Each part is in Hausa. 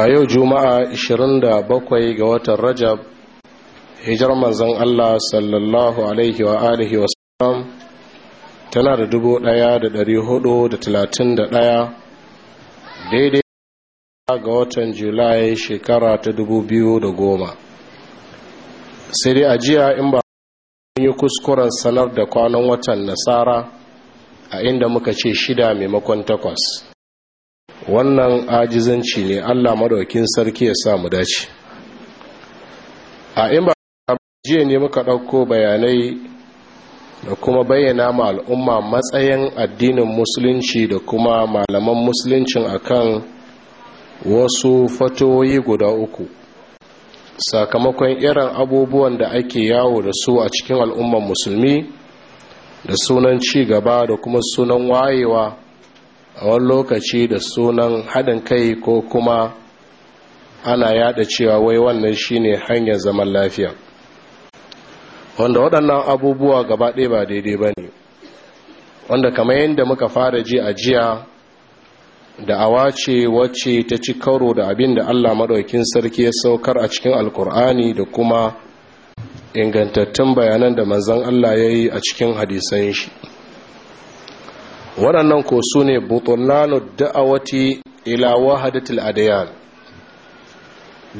a yau juma'a 27 ga watan rajab hijar manzan allah sallallahu alaihi wa alihi wasallam tana da 1431 daidai ga watan julai shekara ta dubu biyu da goma. sai dai jiya in ba yi kuskuren sanar da kwanan watan nasara a inda muka ce shida maimakon takwas wannan ajizanci ne allah madaukin sarki ya sa mu dace a in ba jiya ne muka ɗauko bayanai da kuma bayyana ma al'umma matsayin addinin musulunci da kuma malaman musuluncin akan wasu fatoyi guda uku sakamakon irin abubuwan da ake yawo da su a cikin al'umman musulmi da sunan ci gaba da kuma sunan wayewa a wani lokaci da sunan haɗin kai ko kuma ana yada cewa wai wannan shine hanyar zaman lafiya wanda waɗannan abubuwa gaba ɗaya ba daidai ba ne wanda kamar yadda muka fara ji a jiya da awa ce wacce ta ci karo da abin da allah maɗaukin sarki ya saukar a cikin alkur'ani da kuma ingantattun bayanan da manzan allah ya yi a cikin hadisan shi waɗannan ko su ne butunanu da'awati ila wahadatul adiyan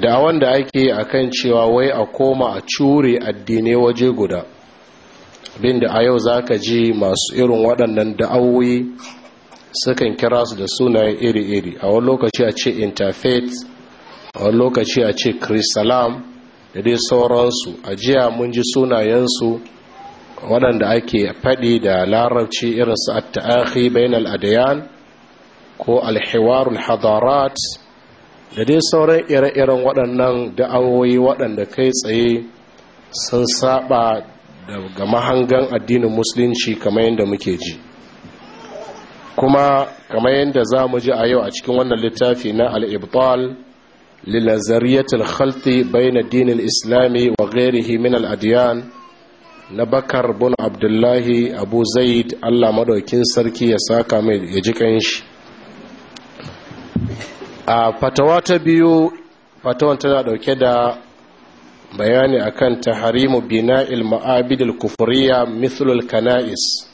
da'awan da ake akan cewa wai a koma a cure addinai waje guda Bin da a yau zaka ji masu irin waɗannan da'awoyi sukan kira su da sunaye iri-iri a wani lokaci a ce interfaith a wani lokaci a ce chrisalam da dai sauransu a jiya mun ji sunayensu waɗanda ake faɗi da larabci irin su at bainal adyan ko alhiwarul hiwarul hadarat da dai sauran ire-iren waɗannan da'awoyi waɗanda kai tsaye sun saba daga mahangan addinin musulunci kamar yadda muke ji kuma kamar yadda za mu ji a yau a cikin wannan littafi na al-ibtal لنظرية dinin islami wa الإسلامي وغيره من الأديان na bakar bin abdullahi abu zaid allah madaukin sarki ya saka mai ya ji shi a fatawa ta biyu fatawan tana ɗauke da bayani akan taharimu bina'il ma'abidil kufuriya mithlul kana'is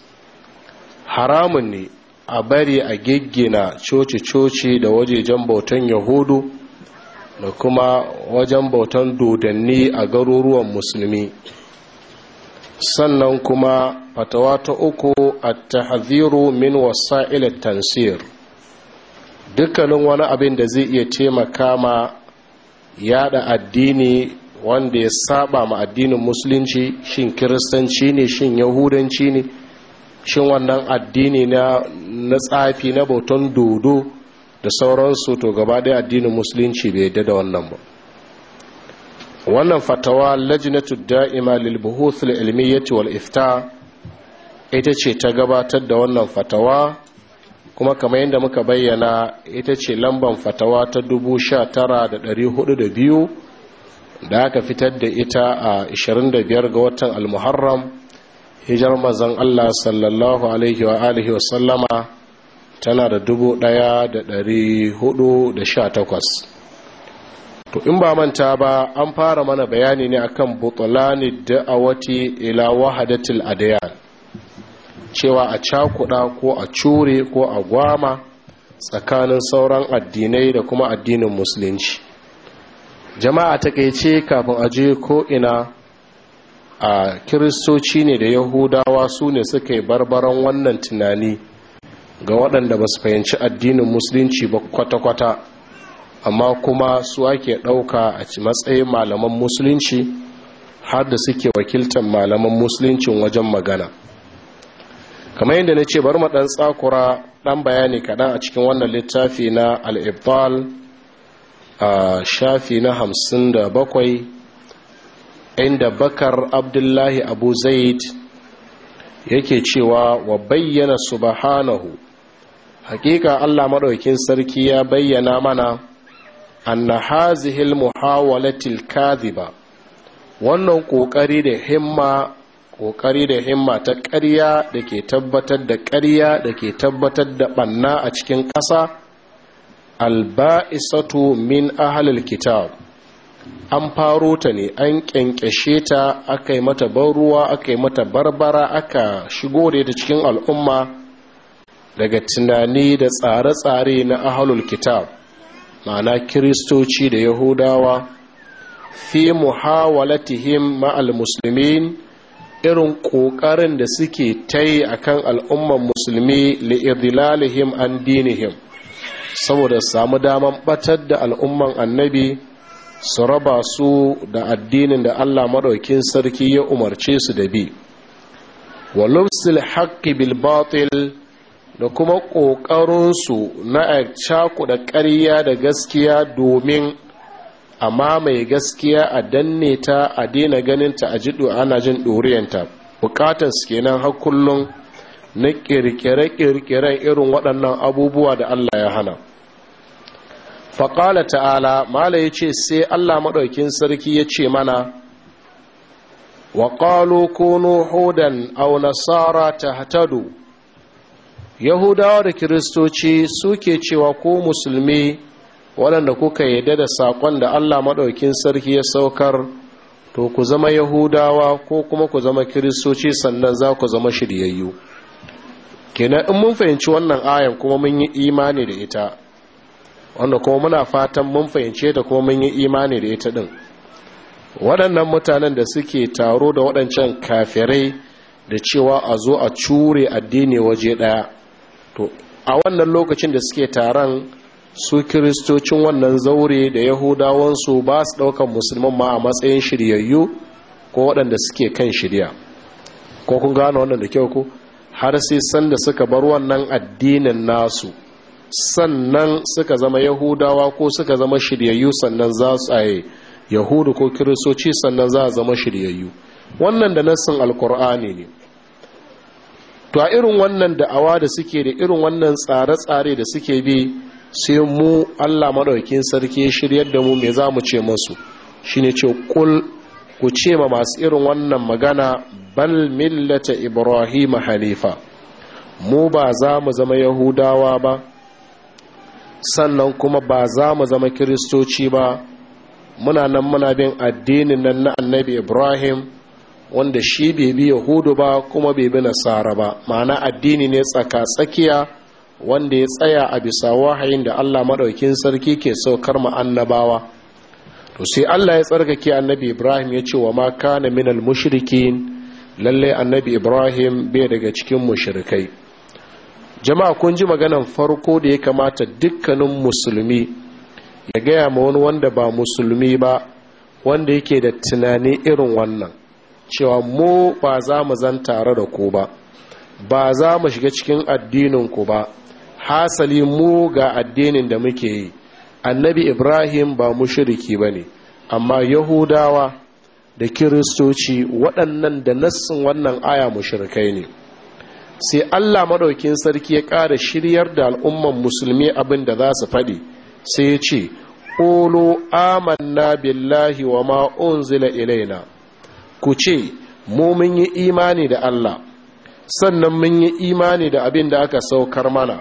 haramun ne a bari a giggina coci-coci da wajejen bautan yahudu da kuma wajen bautan dodanni a garuruwan musulmi sannan kuma fatawa ta uku at min wasa tansir dukkanin wani abin da zai iya taimaka ma yada addini wanda ya saba ma addinin musulunci shin kiristanci ne shin yahudanci ne shin wannan addini na tsafi na bautan dodo da sauransu to gaba ɗaya addinin musulunci bai yadda da wannan ba wannan fatawa lajinatul da'ima lil buhuth al ilmiyyati wal ifta ita ce ta gabatar da wannan fatawa kuma kamar yadda muka bayyana ita ce lamban fatawa ta 19402 da aka fitar da ita a 25 ga watan al-muharram hijar mazan Allah sallallahu alaihi wa alihi wa sallama tana da 1418 to in ba manta ba an fara mana bayani ne akan butulani da'awati ila wahadatil adiyan cewa a cakuda ko a cure ko a gwama tsakanin sauran addinai da kuma addinin musulunci jama'a ta takaice kafin aje ko ina a kiristoci ne da yahudawa su ne suka yi barbaran wannan tunani ga waɗanda ba su fahimci addinin musulunci ba kwata-kwata amma kuma su ake ɗauka a matsayin malaman musulunci har da suke wakiltar malaman musuluncin wajen magana kamar yadda na ce bar ɗan tsakura ɗan bayani kaɗan a cikin wannan littafi na al'ibdal a shafi na hamsin da bakwai inda bakar abdullahi abu zaid yake cewa wa bayyana subhanahu hakika allah maɗaukin sarki ya bayyana mana أن هذه muhawalatil الكاذبة wannan kokari da himma kokari da himma ta ƙarya da ke tabbatar da ƙarya da ke tabbatar da ɓanna a cikin ƙasa alba'isatu min ahalil kitab an faro ta ne an ƙyanƙyashe ta aka yi mata ban aka yi mata barbara aka shigo da ta cikin al'umma daga tunani da tsare-tsare na ahalul kitab ma'ana kiristoci da yahudawa fi muhawalatihim ma'al muslimin irin ƙoƙarin da suke ta akan a kan al'umman musulmi li'idilalihim an dinihim saboda samu daman batar da al'umman annabi su raba su da addinin da allah maɗaukin sarki ya umarce su da bi wa lubsil haƙƙi bil batil da kuma ƙoƙarinsu na a da ƙarya da gaskiya domin a mamaye gaskiya a danne ta a daina ganinta a jiɗo ana jin ɗoriyanta su kenan har kullum na ƙirƙire-ƙirƙiren irin waɗannan abubuwa da Allah ya hana faƙala ta'ala mala ya ce sai Allah maɗaukin sarki ya ce mana wa ƙalo nuhu don au nasara ta hatadu yahudawa da kiristoci suke cewa ko musulmi waɗanda kuka yadda da saƙon da allah maɗaukin sarki ya saukar to ku zama yahudawa ko kuma ku zama kiristoci sannan za ku zama shiryayyu kenan in mun fahimci wannan ayan kuma mun yi imani da ita wanda kuma muna fatan mun fahimci da kuma mun yi imani da ita din waɗannan mutanen da suke taro da waɗancan kafirai da cewa a zo a cure addini waje ɗaya to a wannan lokacin da suke taron su kiristocin wannan zaure da yahudawansu ba su daukan musulman ma a matsayin shiryayyu ko waɗanda suke kan shirya ko kun gano wannan da kyau ko har sai sanda suka bar wannan addinin nasu sannan suka zama yahudawa ko suka zama shiryayyu sannan za su aye yahudu ko kiristoci sannan za a zama shiryayyu wannan da nassin alkur'ani ne to a irin wannan da'awa da suke da irin wannan tsare-tsare da suke bi sai mu Allah maɗaukin sarki shiryar da mu mai za mu ce masu? shi shine ce kul ku ce ma masu irin wannan magana bal millata ibrahim halifa mu ba za mu zama yahudawa ba sannan kuma ba za mu zama kiristoci ba muna nan muna bin addinin nan na annabi ibrahim wanda shi bai bi yahudu ba kuma bai bi nasara ba ma'ana addini ne tsaka tsakiya wanda ya tsaya a bisa wahayin da allah maɗaukin sarki ke saukar ma annabawa to sai allah ya tsarkake annabi ibrahim ya ce wa ma kana minal mushrikin lalle annabi ibrahim bai daga cikin mushrikai jama'a kun ji maganan farko da ya kamata dukkanin musulmi ya gaya ma wani wanda ba musulmi ba wanda yake da tunani irin wannan cewa mu ba za mu zan tare da ku ba ba za mu shiga cikin addinin ku ba hasali mu ga addinin da muke yi annabi ibrahim ba mu shiriki ba ne amma yahudawa da kiristoci waɗannan da nassin wannan aya mu shirkai ne sai allah maɗaukin sarki ya ƙara shiryar da al'umman musulmi abin da za su faɗi sai ya ce ƙolo amanna billahi wa ma'unzila ilaina ku ce mu mun yi imani da Allah sannan mun yi imani da abin da aka saukar mana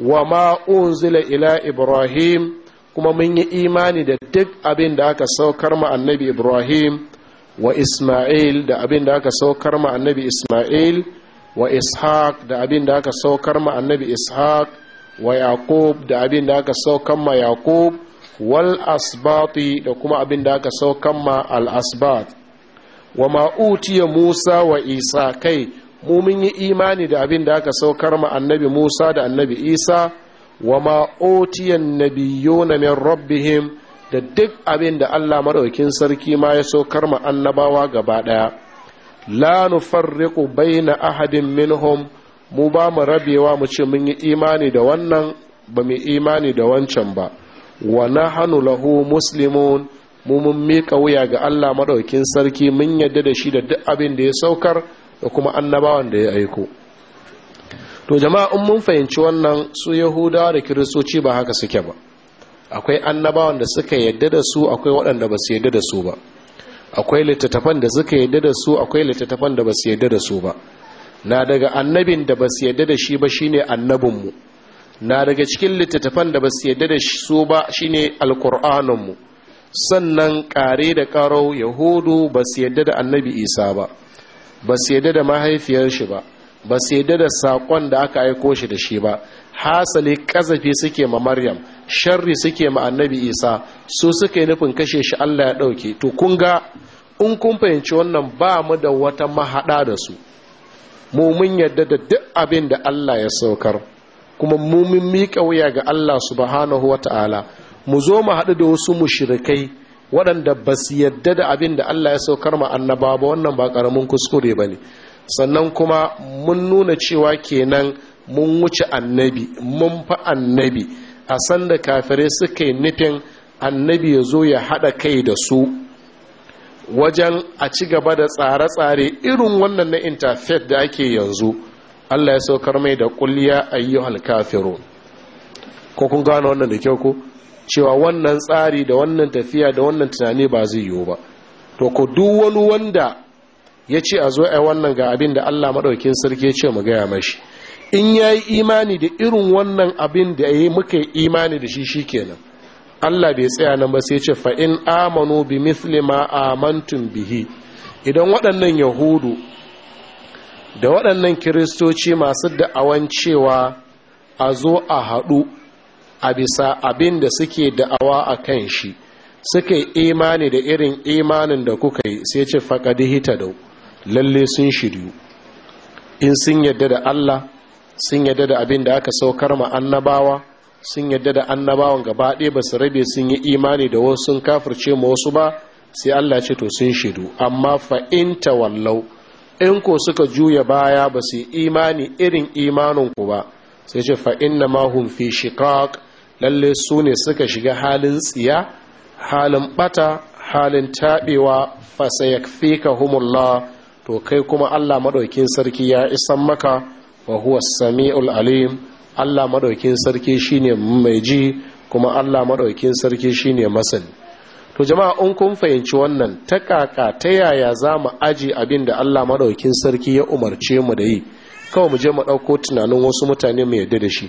wa ma unzila ila ibrahim kuma mun yi imani da duk abin da aka saukar ma annabi ibrahim wa isma'il da abin da aka saukar ma annabi isma'il wa ishaq da abin da aka saukar ma annabi ishaq wa yaqub da abin da aka saukar ma yaqub wal asbati da kuma abin da aka saukar ma al asbat wa ma'utiya musa wa isa kai mu mun yi imani da abin da aka saukar ma annabi musa da annabi isa wa ma'otiyan nabiyuna min rabbihim da duk abin da allah maɗaukin sarki ma ya saukar ma annabawa gaba ɗaya la nufarriqu baina ahadin minhum mu ba mu rabewa mu ce mun yi imani da wannan ba mu imani da wancan ba wa nahnu lahu muslimun mu mun miƙa wuya ga Allah maɗaukin sarki mun yadda da shi da duk abin da ya saukar da kuma annabawan da ya aiko to jama'a in mun fahimci wannan su yahudawa da kiristoci ba haka suke ba akwai annabawan da suka yadda da su akwai waɗanda ba su yadda da su ba akwai littattafan da suka yadda da su akwai littattafan da ba su yadda da su ba na daga annabin da ba su yadda da shi ba shine mu. na daga cikin littattafan da ba su yadda da su ba shine mu. sannan ƙare da karo yahudu ba su yadda da annabi isa ba ba su yadda da mahaifiyar shi ba ba su yadda da saƙon da aka aiko shi da shi ba hasali ƙazafi suke ma maryam sharri suke ma annabi isa su suka nufin kashe shi allah ya ɗauke to kun ga in kun fahimci wannan ba mu da wata mahaɗa da su mu mun yadda da duk abin da allah ya saukar kuma mu mun miƙa wuya ga allah subhanahu wa ta'ala mu zo mu haɗu da wasu mushrikai waɗanda ba su yadda da abin da Allah ya saukar ma annaba ba wannan ba ƙaramin kuskure ba ne sannan kuma mun nuna cewa kenan mun wuce annabi mun fa annabi a sanda kafirai suka yi nufin annabi ya zo ya haɗa kai da su wajen a ci gaba da tsare-tsare irin wannan na interfaith da ake yanzu Allah ya saukar mai da kulliya ayyuhal kafiru ko kun gano wannan da kyau ko cewa wannan tsari da wannan tafiya da wannan tunani ba zai yiwu ba to ko duk wani wanda ya ce a zo yi wannan ga abin da Allah maɗaukin sarki ya ce mu gaya mashi in ya yi imani da irin wannan abin da ya yi muka yi imani da shi shi kenan Allah bai tsaya nan ba sai ce in amanu bi misli ma amantum bihi idan waɗannan yahudu da waɗannan kiristoci masu da'awan cewa a zo a haɗu a bisa abin da suke da'awa a kan shi suka yi imani da irin imanin da kuka yi sai ce faɗaɗi hita da lalle sun shiryu in sun yadda da Allah sun yadda da abin da aka saukar ma annabawa sun yadda da annabawan gaba ɗaya ba su rabe sun yi imani da wasu sun kafirce ma wasu ba sai Allah ce to sun shiru, amma fa'inta wallau, in ko suka juya baya ba su yi imani irin imanin ku ba sai ce fa inna ma hum fi shiqaq lalle su ne suka shiga halin tsiya halin bata halin taɓewa fasayakfika humullah to kai kuma Allah madaukin sarki ya isan maka wa huwa sami'ul alim Allah madaukin sarki shine mai ji kuma Allah madaukin sarki shine masani to jama'a in kun fahimci wannan ta kaka ta yaya za mu aji abin da Allah madaukin sarki ya umarce mu da yi kawai mu je mu ɗauko tunanin wasu mutane mu yadda da shi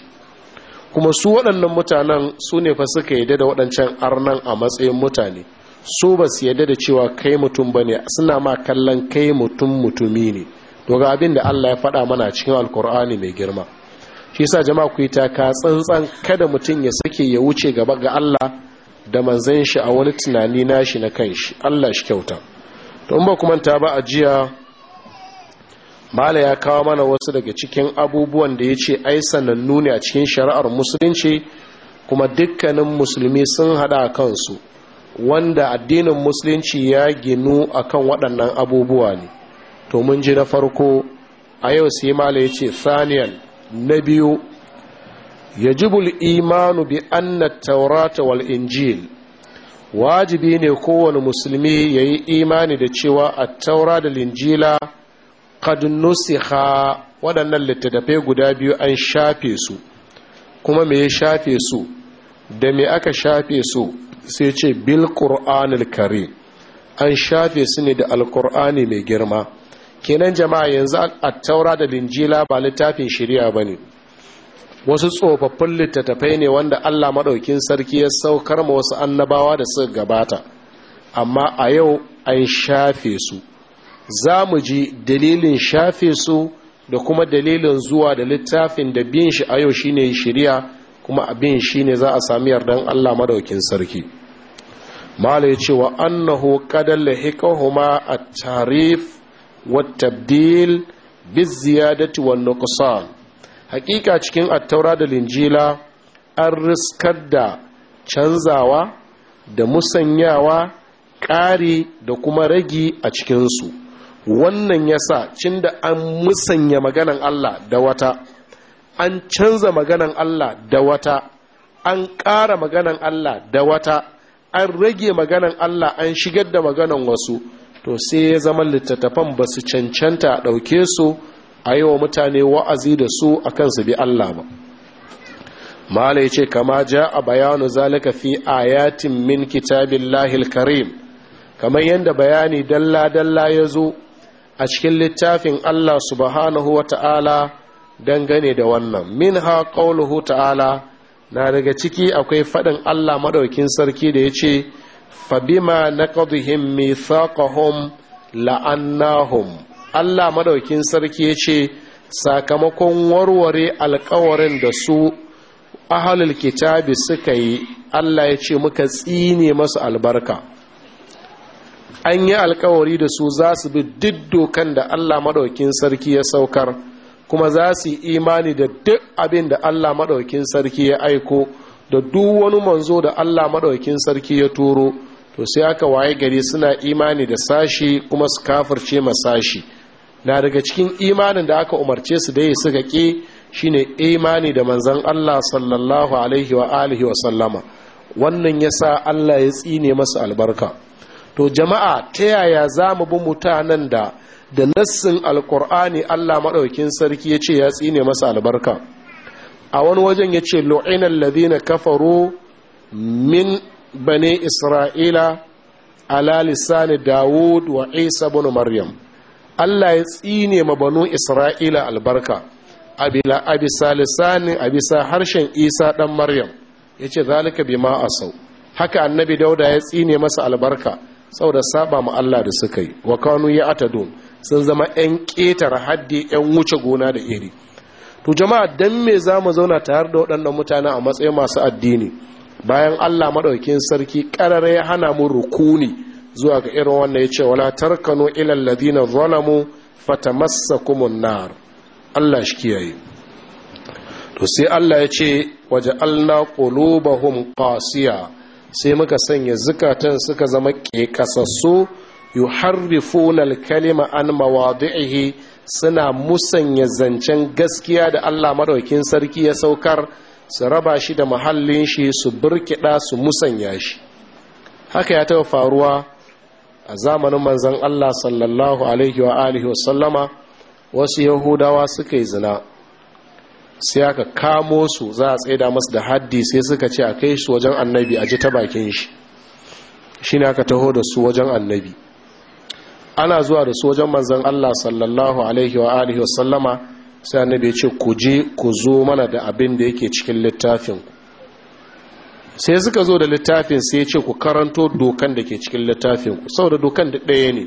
kuma su waɗannan mutanen su ne fa suka yadda da waɗancan arnan a matsayin mutane su ba su yadda da cewa kai mutum ba ne suna ma kallon kai mutum mutumi ne daga abin da allah ya faɗa mana cikin alkur'ani mai girma shi sa jama'a ku yi taka tsantsan kada mutum ya sake ya wuce gaba ga allah da manzan shi a wani tunani nashi na kanshi allah shi kyauta to in manta ba a jiya bala ya kawo mana wasu daga cikin abubuwan da ya ce ai sanannu ne a cikin shari'ar musulunci kuma dukkanin musulmi sun hada a kansu wanda addinin musulunci ya ginu akan waɗannan abubuwa ne to mun ji na farko a yau sai mala ya ce saniyan na biyu yajibul imanu bi anna taurata wal injil wajibi ne kowane musulmi ya yi imani da cewa a taura da linjila qad nusikha waɗannan littattafai guda biyu an shafe su kuma me ya shafe su da me aka shafe su sai ce bil qur'anil karim an shafe su ne da alqur'ani mai girma kenan jama'a yanzu a taura da linjila ba littafin shari'a bane wasu tsofaffin littattafai ne wanda Allah maɗaukin sarki ya saukar ma wasu annabawa da suka gabata amma a yau an shafe su za mu ji dalilin shafe su da kuma dalilin zuwa da littafin da bin shi a yau shine shirya kuma abin shine za a sami yardan Allah madaukin sarki mala ya ce wa annahu qadal hikahuma at-tarif wat-tabdil bi-ziyadati wan nuqsan hakika cikin attaura da linjila an riskar da canzawa da musanyawa ƙari da kuma ragi a cikinsu wannan yasa cin da an musanya maganan Allah da wata an canza maganan Allah da wata an ƙara maganan Allah da wata an rage maganan Allah an shigar da maganan wasu to sai ya zama littattafan ba su cancanta a ɗauke su a yi wa mutane wa'azi da su a kansu bi Allah ba mala ce kama ja a bayanu zalika fi ayatin min kitabin lahil karim kamar yadda bayani dalla-dalla ya zo a cikin littafin Allah subhanahu wa ta'ala dangane da wannan min ha ƙaunuhu ta'ala na daga ciki akwai faɗin Allah maɗaukin sarki da ya ce fabima na ƙaduhin mithaqahum la'annahum Allah maɗaukin sarki ya ce sakamakon warware alƙawarin da su ahalul kitabi suka yi Allah ya ce muka tsine masu albarka an yi alkawari da su za su bi duk dokan da Allah maɗaukin sarki ya saukar kuma za su yi imani da duk abin da Allah maɗaukin sarki ya aiko da duk wani manzo da Allah maɗaukin sarki ya turo to sai aka waye gari suna imani da sashi kuma su kafirce ma sashi na daga cikin imanin da aka umarce su da su ke shine imani da manzon Allah sallallahu alaihi wa alihi wa sallama wannan yasa Allah ya tsine masu albarka to jama'a ta yaya za mu bi mutanen da da nassin alkur'ani allah maɗaukin sarki ya ce ya tsine masa albarka a wani wajen ya ce lo'inan ladina kafaro min bane isra'ila ala lisani dawud wa isa bin maryam allah ya tsine ma banu isra'ila albarka a bisa lisani a bisa harshen isa ɗan maryam ya ce zalika bi ma asau haka annabi dauda ya tsine masa albarka saboda saba ma Allah da suka yi wa kanu ya atadun sun zama yan ƙetare haddi yan wuce gona da iri to jama'a dan me za mu zauna tare da waɗannan mutane a matsayin masu addini bayan Allah madaukin sarki karare ya hana mu rukuni zuwa ga irin wannan yace wala tarkanu ila alladhina zalamu fatamassakumun nar Allah shi kiyaye to sai Allah ya ce waje Allah ƙulubahum sai muka sanya zukatan suka zama ƙeƙasassu yu harrifunal kalima an mawadi'ihi suna musanya zancen gaskiya da Allah maɗaukin sarki ya saukar su raba shi da mahallin shi su burkida su musanya shi haka ya taɓa faruwa a zamanin manzon Allah sallallahu alaihi wa alihi wa wasu yahudawa suka yi zina sai aka kamo su za a tsaida masu da haddi sai suka ce a kai su wajen annabi a ji ta bakin shi shi ne aka taho da su wajen annabi ana zuwa da su wajen manzan Allah sallallahu alaihi wa alihi wasallama sai annabi ya ce ku je ku zo mana da abin da yake cikin littafin sai suka zo da littafin sai ya ce ku karanto dokan da ke cikin littafin ku da dokan da ɗaya ne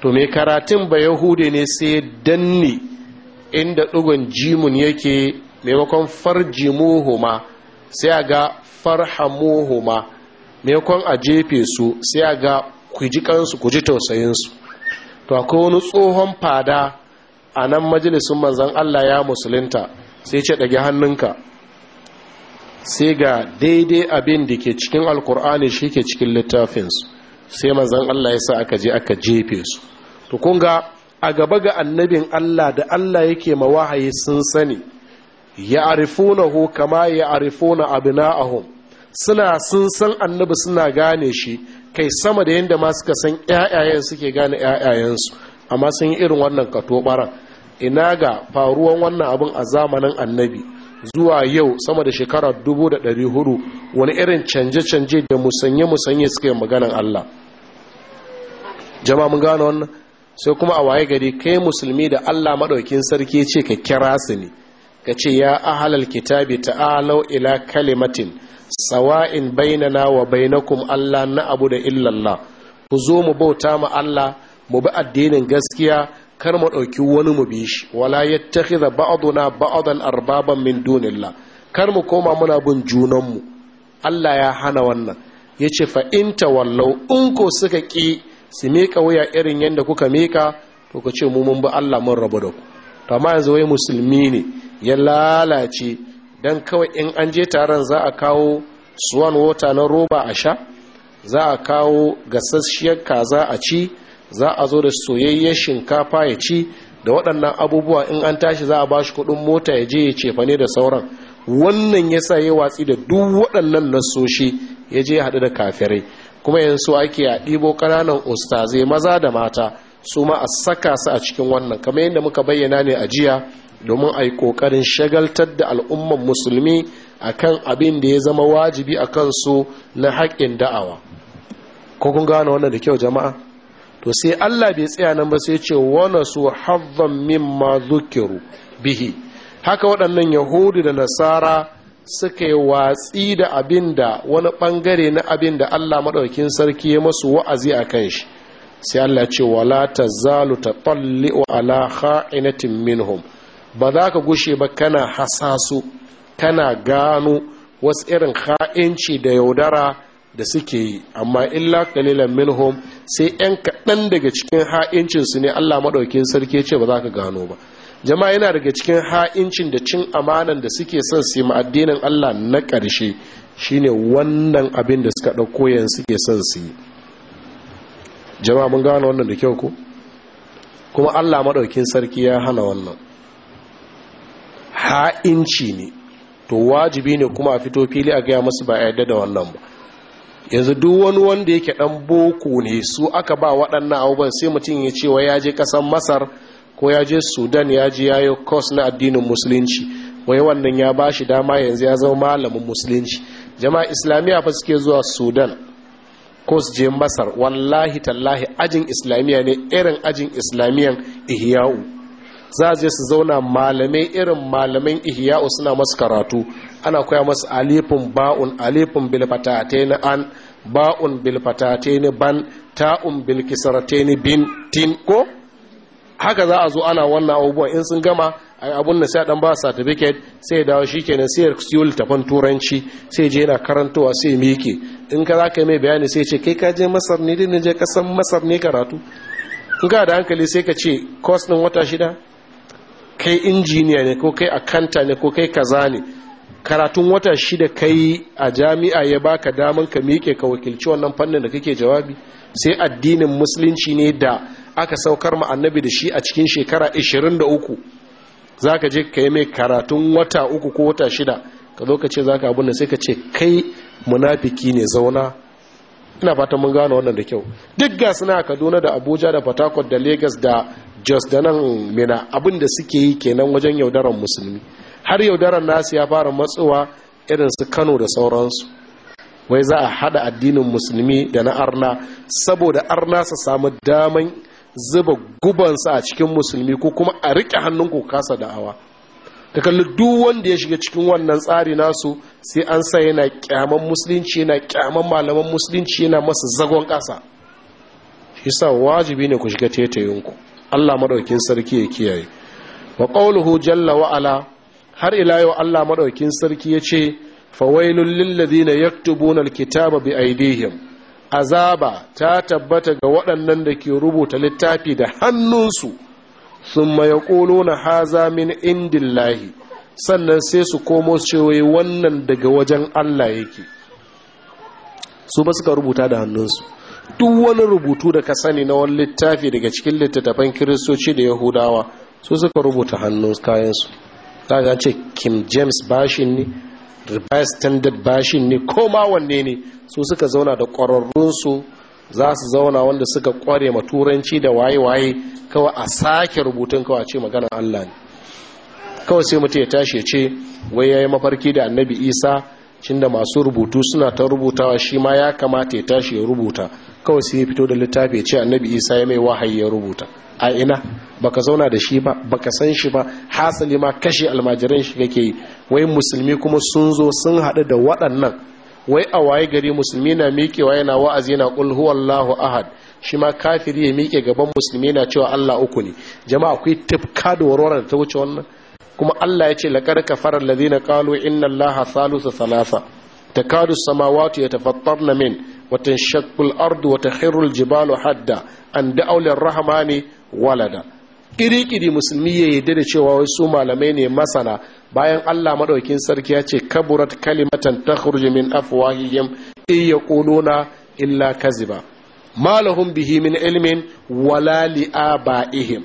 to mai karatun ba yahude ne sai ya danne inda ɗigon jimun yake maimakon farjimuhuma sai a ga farhamuhuma maimakon a jefe su sai a ga kujikansu kuji tausayinsu to akwai wani tsohon fada a nan majalisun manzan Allah ya musulunta sai ce ɗage hannunka sai ga daidai abin da ke cikin alkur'ani shi ke cikin littafinsu sai manzan Allah ya sa aka je aka jefe su to kun ga a gaba ga annabin Allah da Allah yake mawahayi sun sani ya hu kama ya arifuna abina'ahum suna sun san annabi suna gane shi kai sama da yadda ma suka san ƴaƴayen suke gane ƴaƴayensu amma sun yi irin wannan katobaran ina ga faruwan wannan abin a zamanin annabi zuwa yau sama da shekara hudu wani irin canje-canje da musanye-musanye suka yi maganan Allah jama mun gane wannan sai kuma a waye gari kai musulmi da Allah maɗaukin sarki ce ka kira su ne ka ce ya ahalal kitabi ta'alau ila kalimatin sawa'in bainana wa bainakum Allah na abu da illallah ku zo mu bauta ma Allah mu bi addinin gaskiya kar mu ɗauki wani mu bi shi wala yattakhidha ba'duna ba'dan arbaban min dunillah kar mu koma muna bin junanmu Allah ya hana wannan yace fa in tawallau in ko suka ki su wuya irin yadda kuka mika to ka ce mu mun bi Allah mun rabu da ku to amma yanzu wai musulmi ne ya lalace dan kawai in an je taron za a kawo swan water na roba a sha za a kawo gasasshiyar kaza a ci za a zo da soyayyar shinkafa ya ci da waɗannan abubuwa in an tashi za a ba shi kuɗin mota ya je ya cefa ne da sauran wannan ya sa ya watsi da duk waɗannan nasoshi ya je ya haɗu da kafirai kuma yanzu ake a ɗibo ƙananan ustazai maza da mata su ma a saka su a cikin wannan kamar yadda muka bayyana ne a jiya domin a yi ƙoƙarin shagaltar da al'umman musulmi a kan abin da ya zama wajibi a kansu na haƙƙin da'awa ko kun gane wannan da kyau jama'a to sai allah bai tsaya nan ba sai ce wana su hazzan mimma zukiru bihi haka waɗannan yahudu da nasara suka yi watsi da abin da wani ɓangare na abin da Allah maɗaukin sarki ya masu wa'azi a kan shi sai Allah ce wala ta zalu ta tsalli wa ala ha'inatin minhum ba za ka gushe ba kana hasasu kana gano wasu irin ha'inci da yaudara da suke yi amma illa kalilan minhum sai 'yan kaɗan daga cikin ha'incinsu ne Allah maɗaukin sarki ce ba za ka gano ba jama'a yana daga cikin ha'incin da cin amanan da suke son su yi addinin Allah na ƙarshe shine wannan abin da suka ɗauko yanzu suke son su yi jama'a mun gano wannan da kyau ko kuma Allah maɗaukin sarki ya hana wannan ha'inci ne to wajibi ne kuma a fito fili a gaya masu ba a yadda da wannan ba yanzu duk wani wanda yake ɗan boko ne su aka ba waɗannan abubuwan sai mutum ya ce wa ya je ƙasar masar ko ya je sudan ya ji yayo kos na addinin musulunci wai wannan ya ba shi dama yanzu ya zama malamin musulunci jama'a islamiyya fa suke zuwa sudan ko su je masar wallahi tallahi ajin islamiyya ne irin ajin islamiyyan ihya'u za a je su zauna malamai irin malaman ihya'u suna masu karatu ana koya masu alifin ba'un alifin bilfatate na an ba'un ni ban ta'un ni bin tin ko haka za a zo ana wannan abubuwan in sun gama abun da sai dan ba certificate sai dawo shikenan sai siyo tafan turanci sai je yana karantowa sai miki in ka zaka mai bayani sai ce kai ka je masar ne din je kasan masar ne karatu in ka da hankali sai ka ce course din wata shida kai injiniya ne ko kai akanta ne ko kai kaza ne karatun wata shida kai a jami'a ya baka daman ka mike ka wakilci wannan fannin da kake jawabi sai addinin musulunci ne da aka saukar ma annabi da shi a cikin shekara 23 za ka je ka yi mai karatun wata uku ko wata shida ka zo ka ce za ka abin sai ka ce kai munafiki ne zauna ina fatan mun gano wannan da kyau duk ga suna kaduna da abuja da fatakot da lagos da jos da nan mina abin da suke yi kenan wajen yaudaran musulmi har yaudaran nasu ya fara matsuwa irin su kano da sauransu wai za a hada addinin musulmi da na arna saboda arna su samu daman zuba gubansa a cikin musulmi ko kuma a riƙe hannun ku kasa da'awa ka kalli duk wanda ya shiga cikin wannan tsari nasu sai an sa yana kyaman musulunci yana kyaman malaman musulunci yana masa zagon ƙasa shi sa wajibi ne ku shiga tetayinku Allah Maɗaukin sarki ya kiyaye wa qawluhu jalla wa'ala har ila yau Allah Maɗaukin sarki ya ce fawailun lil ladina yaktubuna alkitaba bi aidihim azaba ta tabbata ga waɗannan da ke rubuta littafi da hannunsu sun maye na haza min indillahi sannan sai su komo cewa wannan daga wajen Allah yake su ba suka rubuta da hannunsu duk wani rubutu da ka sani na wani littafi daga cikin littattafan kiristoci da yahudawa su suka rubuta hannun kayansu ta ce kim james bashin ne revised standard bashin ne ko ma wanne ne su suka zauna da ƙwararrunsu za su zauna wanda suka ƙware ma turanci da waye-waye kawai a sake rubutun kawai ce magana Allah ne kawai sai mutum ya tashi ya ce wai ya yi mafarki da annabi isa cinda masu rubutu suna ta rubutawa shi ma ya kamata ya tashi ya rubuta kawai sai ya fito da littafi ce annabi isa ya mai wahayi ya rubuta a ina baka zauna da shi ba baka san shi ba hasali ma kashe almajiran shi kake yi wai musulmi kuma sun zo sun haɗu da waɗannan wai a waye gari musulmi na miƙewa yana wa'azi yana ƙul huwallahu ahad shi ma kafiri ya miƙe gaban musulmi na cewa Allah uku ne jama'a akwai tafka da warwara da ta wuce wannan kuma Allah ya ce laqad kafara na qalu inna allaha thalithu thalatha ya ya na min watan shakul ardu wata khirul jibalu hadda an da'aular rahamani walada kiri-kiri musulmi ya yi da cewa wai su malamai ne masana bayan allah maɗaukin sarki ya ce kaburat kalimatan ta min afwahihim in yaquluna illa kaziba malahum bihi min ilmin wala li'abaihim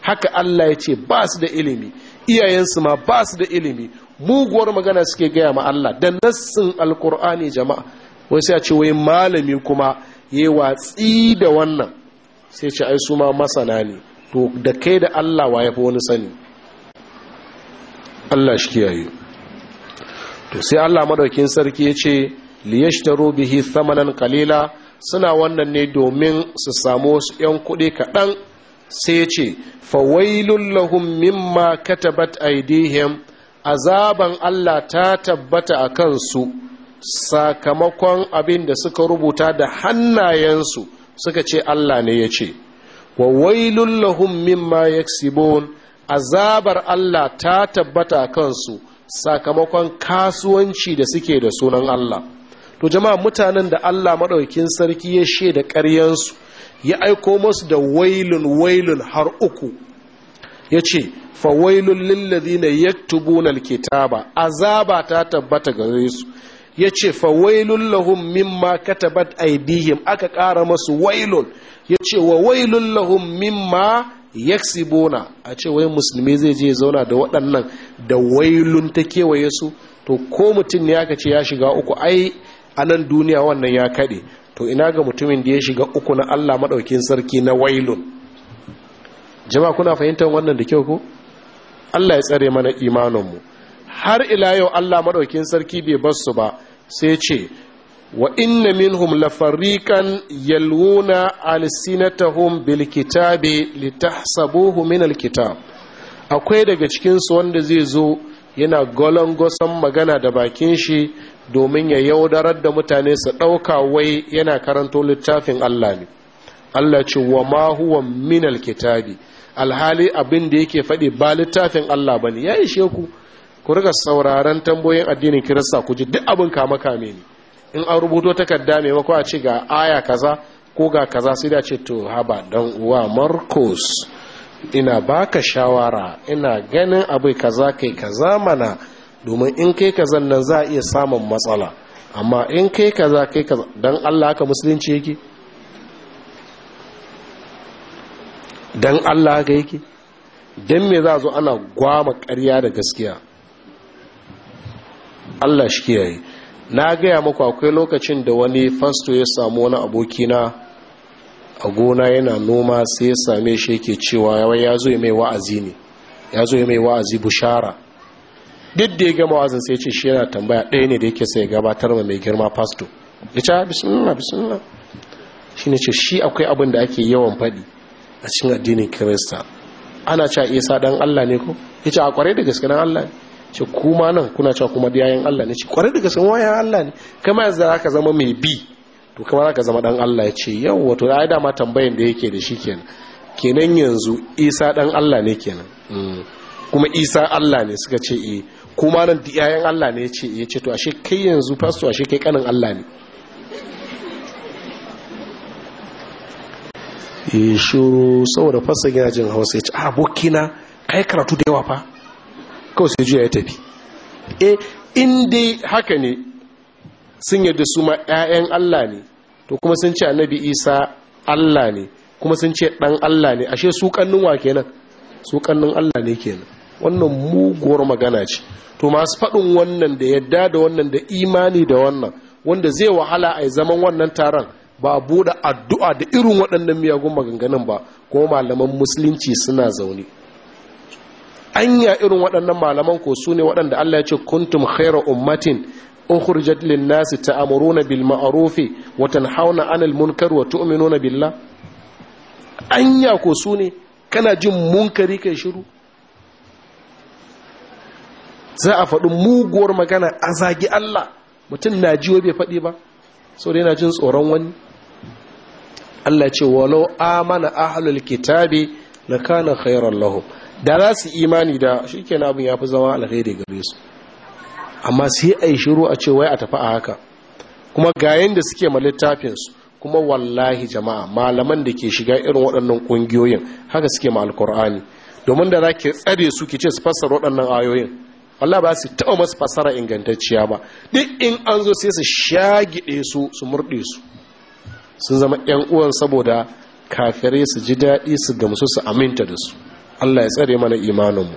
haka allah ya ce ba su da ilimi iyayensu ma ba su da ilimi muguwar magana suke gaya ma Allah da nassin alkur'ani jama'a wani sai a ce wai malami kuma ya yi watsi da wannan sai ce ai su ma masana ne to da kai da Allah wa ya fi wani sani Allah shi kiyaye to sai Allah madaukin sarki ya ce liyashtaru bihi samanan Kalila suna wannan ne domin su samu wasu 'yan kuɗi kaɗan sai ce fawailun lahum mimma katabat aidihim azaban Allah ta tabbata a kansu sakamakon abin da suka rubuta da hannayensu suka ce Allah ne ya ce wa wailun lahum mimma yaksibun azabar Allah ta tabbata kansu sakamakon kasuwanci da suke da sunan Allah to jama'a mutanen da Allah maɗaukin sarki ya shaida ƙaryansu ya aiko musu da wailun wailun har uku ya ce fa fawailun lillazina yaktubuna alkitaba azaba ta tabbata gare su ya ce fa wailun lahum mimma katabat aidihim aka ƙara masu wailun ya ce wa wailun lahum mimma yaksibuna a ce wai musulmi zai je zauna da waɗannan da wailun ta kewaye su to ko mutum ne aka ce ya shiga uku ai a nan duniya wannan ya kaɗe to ina ga mutumin da ya shiga uku na allah maɗaukin sarki na wailun jama'a kuna fahimtar wannan da kyau ko allah ya tsare mana imaninmu har ila yau allah maɗaukin sarki bai bar su ba sai ce wa inna minhum lafarikan yalwuna alsinatahum bilkitabi litahsabuhu min alkitab akwai daga cikinsu wanda zai zo yana gosan magana da bakin shi domin ya yaudarar da mutane su ɗauka wai yana karanto littafin Allah ne Allah ce wa ma huwa min alkitabi alhali abin da yake faɗi ba littafin Allah bane ya ishe ku ku riga sauraron tambayoyin addinin kirista ku ji duk abin kama kame ne in an rubuto takarda mako a ce ga aya kaza ko ga kaza sai da ce to haba dan uwa marcos ina baka shawara ina ganin abai kaza kai kaza mana domin in kai kazan nan za a iya samun matsala amma in kai kaza kai kaza dan Allah haka musulunci yake dan Allah haka yake dan me za zo ana gwama ƙarya da gaskiya Allah shi kiyaye na gaya muku akwai lokacin da wani fasto ya samu wani abokina a gona yana noma sai ya same shi yake cewa ya zo mai wa'azi ne ya zo mai wa'azi bushara duk da ya gama wa'azin sai ce shi yana tambaya ɗaya ne da yake sai gabatar ma mai girma fasto ya ce ah, bismillah bismillah shi ne ce shi akwai abin da ake yawan faɗi a cikin addinin kirista ana cewa isa dan allah ne ko ya ce a ƙware da gaske dan allah ne ce kuma nan kuna cewa kuma da yayin Allah ne ce kwarai daga sun wayan Allah ne kama yanzu za ka zama mai bi to kama za ka zama dan Allah ya ce yau wato ai dama tambayin da yake da shi kenan kenan yanzu isa dan Allah ne kenan mm. kuma isa Allah ne suka ce eh kuma nan da yayin Allah ne ya ce ya ce to ashe kai yanzu pastor ashe kai kanin Allah ne eh shuru saboda fasa yana jin Hausa ya ce ah, abokina kai karatu da yawa fa kawai sai juya ya tafi e in dai haka ne sun yadda su ma 'ya'yan Allah ne to kuma sun ce annabi isa Allah ne kuma sun ce ɗan Allah ne ashe su kannin wa kenan su kannin Allah ne kenan wannan muguwar magana ce to masu faɗin wannan da yadda da wannan da imani da wannan wanda zai wahala a zaman wannan taron ba a buɗe addu'a da irin waɗannan miyagun maganganun ba kuma malaman musulunci suna zaune anya irin waɗannan malaman ko su ne waɗanda Allah ya ce kuntum khaira ummatin ukhrijat lin-nasi ta'muruna bil ma'rufi wa tanhauna 'anil munkar wa tu'minuna billah anya ko su ne kana jin munkari kai shiru za a faɗi muguwar magana a zagi Allah mutum na jiwo bai faɗi ba So da yana jin tsoron wani Allah ce walau amana ahlul kitabi lakana khairan lahum da za su imani da shi ke abin ya fi zama alheri gare su amma sai a yi shiru a ce wai a tafi a haka kuma ga yadda suke ma littafinsu kuma wallahi jama'a malaman da ke shiga irin waɗannan ƙungiyoyin haka suke ma alkur'ani domin da za ke tsare su ke ce su fassara waɗannan ayoyin wallah ba su taɓa masu fassara ingantacciya ba duk in an zo sai su shagiɗe su su murɗe su sun zama ƴan uwan saboda kafirai su ji daɗi su gamsu su aminta da su Allah ya tsare mana imaninmu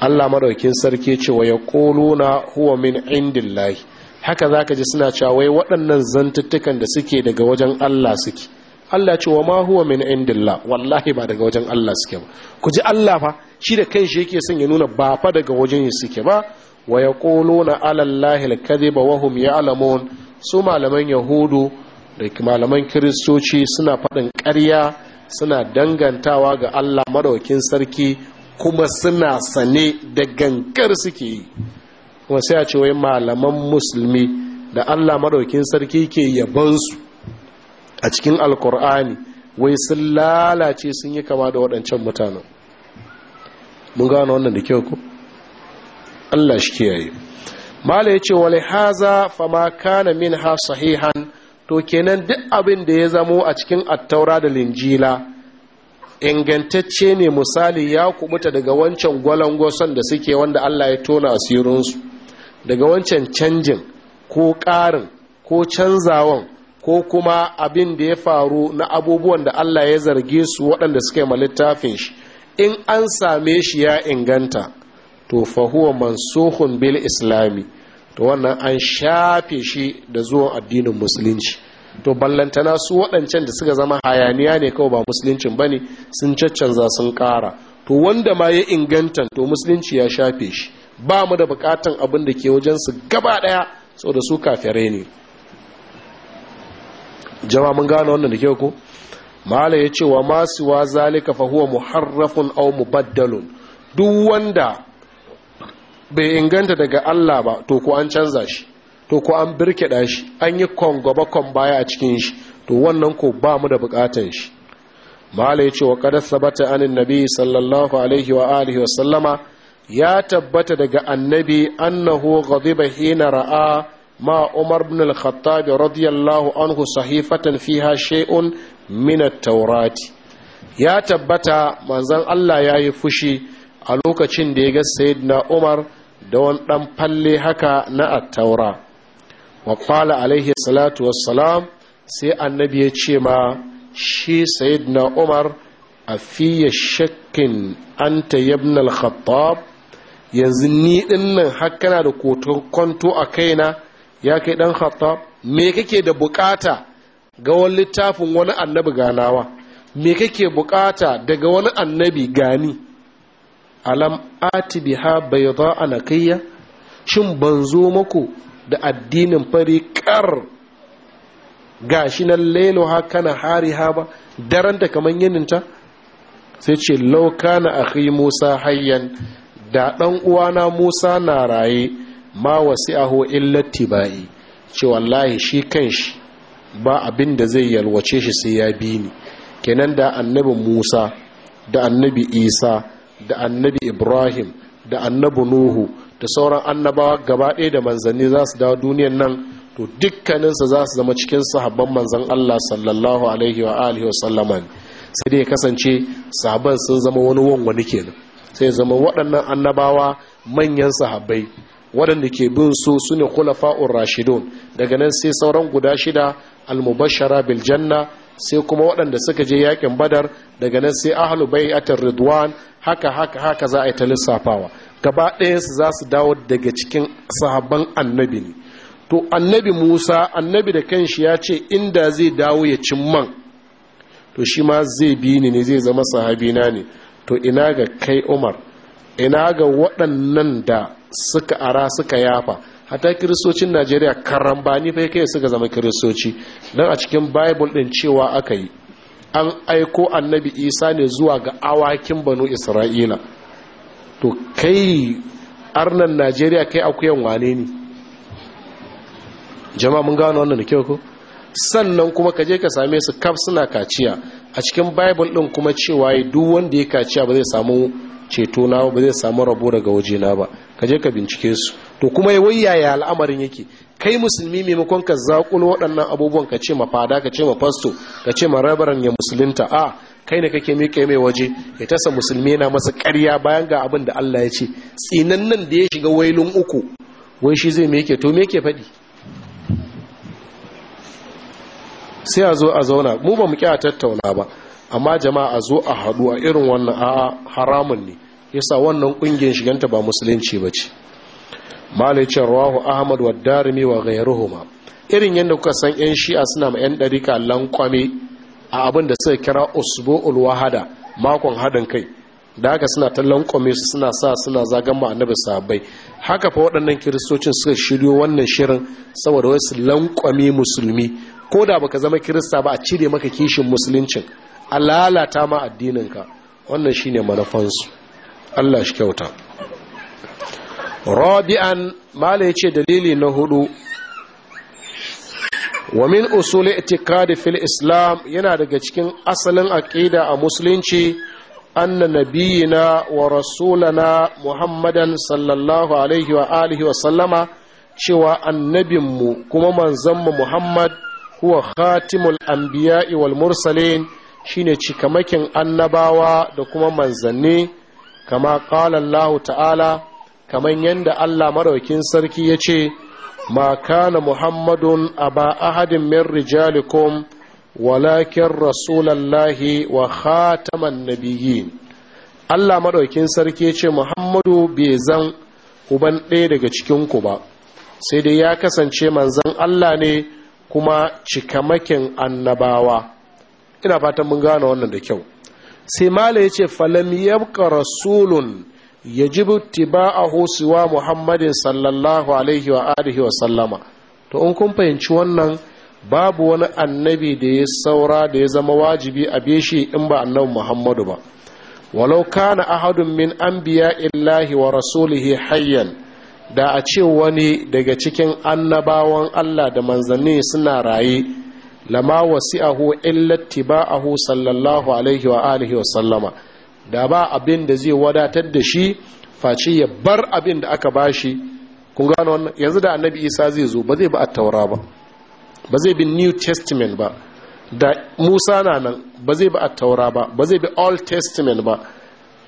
Allah madaukin sarki ce wa yaquluna huwa min indillahi haka zaka ji suna cewa wai waɗannan zantuttukan da suke daga wajen Allah suke Allah ce wa ma huwa min indillah wallahi ba daga wajen Allah suke ba ku ji Allah fa shi da kanshi yake son ya nuna ba fa daga wajen suke ba wa yaquluna ala allahi alkadhiba wa hum ya'lamun su malaman yahudu da malaman kiristoci suna faɗin ƙarya suna dangantawa ga Allah maɗaukin sarki kuma suna sane da gankar suke yi kuma sai a ce wai malaman musulmi da Allah maɗaukin sarki ke yabansu a cikin alkur'ani wai sun lalace sun yi kama da waɗancan mutanen mun gano wannan da kyau ku Allah shi kiyaye mala yace wale haza fama kana ha sahihan to kenan duk abin da ya zamo a cikin attaura da linjila ingantacce ne misali ya kubuta daga wancan gwalangwason da suke wanda Allah ya tona asirinsu daga wancan canjin ko ƙarin ko canzawan ko kuma abin da ya faru na abubuwan da Allah ya zarge su waɗanda suke yi littafin shi in an same shi ya inganta to fahuwa mansuhun bil islami to wannan an shafe shi da zuwan addinin musulunci to ballantana su waɗancan da suka zama hayaniya ne kawai ba musuluncin ba ne sun caccanza sun ƙara to wanda ma ya inganta to musulunci ya shafe shi ba mu da buƙatan abin da ke su gaba ɗaya sau da su kafirai ne jama mun gane wannan da kyau ko mala ya ce wa masu wa zalika fa huwa muharrafun aw mubaddalun duk wanda bai inganta daga Allah ba to ko an canza shi to ko an birkida shi an yi kongoba baya a cikin shi to wannan ko ba mu da bukatan shi mala ce wa kadar sabata anin nabi sallallahu alaihi wa alihi wa sallama ya tabbata daga annabi annahu ghadiba hina ra'a ma umar ibn al-khattab radiyallahu anhu sahifatan fiha shay'un min at-taurati ya tabbata manzon Allah yayi fushi a lokacin da ya ga sayyidina umar da wani ɗan falle haka na attaura wa ƙala alaihi salatu wassalam sai annabi ya ce ma shi na umar a fiye shakkin an ta yabnal khattab yanzu ni ɗin nan hakana da kwanto a kaina ya kai ɗan khattab me kake da bukata ga wani littafin wani annabi ganawa me kake bukata daga wani annabi gani alam ati biha bayda alakayya shin ban zo muku da addinin fari kar gashi na lelo ha kana hari ha ba daren ta kaman yininta sai ce law kana akhi musa hayyan da ɗan uwana musa na raye ma wasi'ahu illa tibai ce wallahi shi kanshi ba abin da zai yalwace shi sai ya bi ni kenan da annabi musa da annabi isa da annabi ibrahim da annabi nuhu da sauran annabawa gaba ɗaya da manzanni za su dawo duniyan nan to dukkaninsa za su zama cikin sahabban manzan allah sallallahu alaihi wa alihi wa sallama sai dai kasance sahabban sun zama wani wani kenan sai zama waɗannan annabawa manyan sahabbai waɗanda ke bin su su ne kulafa'un rashidun daga nan sai sauran guda shida almubashara bil janna sai kuma waɗanda suka je yakin badar daga nan sai ahlu bai'atar ridwan haka haka haka za a yi ta lissafawa gaba ɗayansu za su dawo daga cikin sahabban annabi ne to annabi musa annabi da kanshi ya ce inda zai dawo ya cin man to shi ma zai bi ni ne zai zama sahabina ne to ina ga kai umar ina ga waɗannan da suka ara suka yafa hata kiristocin najeriya karambani fa kai suka zama kiristoci don a cikin bible ɗin cewa aka yi an aiko annabi isa ne zuwa ga awakin banu isra'ila to kai arnan najeriya kai akuyan wane ne jama'a mun gano wannan da kyau ko sannan kuma kaje ka same su kaf suna kaciya a cikin bible din kuma cewa duk wanda ya kaciya ba zai samu ceto na ba zai samu rabo daga waje na ba kaje ka bincike su to kuma wai yaya al'amarin yake kai musulmi maimakon ka zaƙulo waɗannan abubuwan ka ce ma fada ka ce ma fasto ka ce ma ya musulunta a kai ne kake miƙe mai waje ya tasa musulmi yana masa ƙarya bayan ga abin da Allah ya ce tsinan nan da ya shiga wailun uku wai shi zai ke to mai ke faɗi sai a zo a zauna mu ba mu ƙi a tattauna ba amma jama'a a zo a haɗu a irin wannan a haramun ne yasa wannan ƙungiyar shiganta ba musulunci ba ce malicin rahu ahmad wa darimi wa gairuhuma irin yadda kuka san 'yan shi'a suna ma 'yan ɗarika lankwame a abin da suka kira usbu'ul ulwahada makon haɗin kai da haka suna ta lankwame su suna sa suna zagan ma annabi sahabbai haka fa waɗannan kiristocin suka shiryo wannan shirin saboda wasu lankwame musulmi ko da baka zama kirista ba a cire maka kishin musuluncin a lalata ma addininka wannan shine manufansu Allah shi kyauta rabi'an mala ya ce dalili na hudu wa min usuli itikadi fil islam yana daga cikin asalin aƙida a musulunci anna nabiyina wa rasulana muhammadan sallallahu alaihi wa alihi wa sallama cewa annabinmu kuma manzanmu muhammad huwa khatimul anbiya'i wal mursalin shine cikamakin annabawa da kuma manzanni kama qala allah ta'ala kamar yadda Allah maraukin sarki ya ce ma kana muhammadun aba ahadin min rijalikum walakin rasulallahi wa khataman nabiyyin Allah maraukin sarki ya ce muhammadu bai zan uban ɗaya daga cikinku ba sai dai ya kasance manzan Allah ne kuma cikamakin annabawa ina fatan mun gane wannan da kyau sai mala ya ce falam yabka rasulun yajibu tiba'ahu siwa muhammadin sallallahu alaihi wa alihi wa sallama to in kun fahimci wannan babu wani annabi da ya saura da ya zama wajibi a shi in ba annabi muhammadu ba walau kana ahadun min anbiya illahi wa rasulihi hayyan da a ce wani daga cikin annabawan allah da manzanni suna raye lama wasi'ahu illa tiba'ahu sallallahu alaihi wa alihi wa sallama da ba abin da zai wadatar da shi face ya bar abin da aka bashi kun gano wannan yanzu da annabi isa zai zo ba zai ba taura ba ba zai bi new testament ba da musa na nan ba zai bi taura ba ba zai bi old testament ba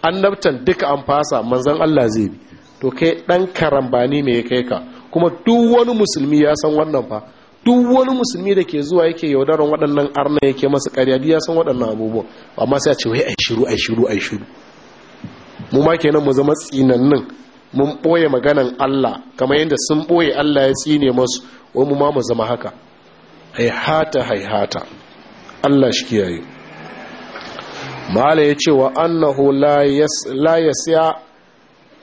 annabtan duka an fasa manzon allah zai bi to kai dan karambani mai ya kai ka kuma duk wani musulmi ya san wannan fa duk wani musulmi da ke zuwa yake yaudaran waɗannan arna yake masu ƙarya biya san waɗannan abubuwa. amma sai a ce wai a shiru a shiru a shiru mu ma kenan mu zama tsinannin mun ɓoye maganan Allah kamar yadda sun ɓoye Allah ya tsine masu wai mu ma mu zama haka haihata haihata Allah shi kiyaye mala ya ce wa annahu la yasya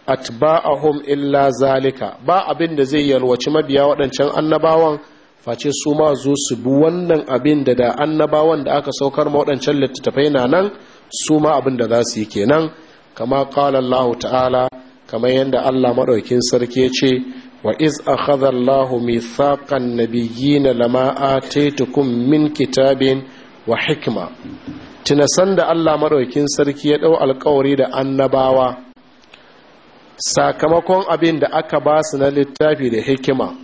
atba'ahum illa zalika ba abin da zai yalwaci mabiya waɗancan annabawan face su ma zo su bi wannan abin da da annabawan da aka saukar ma waɗancan littattafai na nan su ma abin da za su yi kenan kama kala Allah ta'ala kamar yadda Allah maɗaukin sarki ce wa iz akhadha Allah mithaqan nabiyyin lama ataitukum min kitabin wa hikima. tunasan da Allah maɗaukin sarki ya ɗau alkawari da annabawa sakamakon abin da aka ba su na littafi da hikima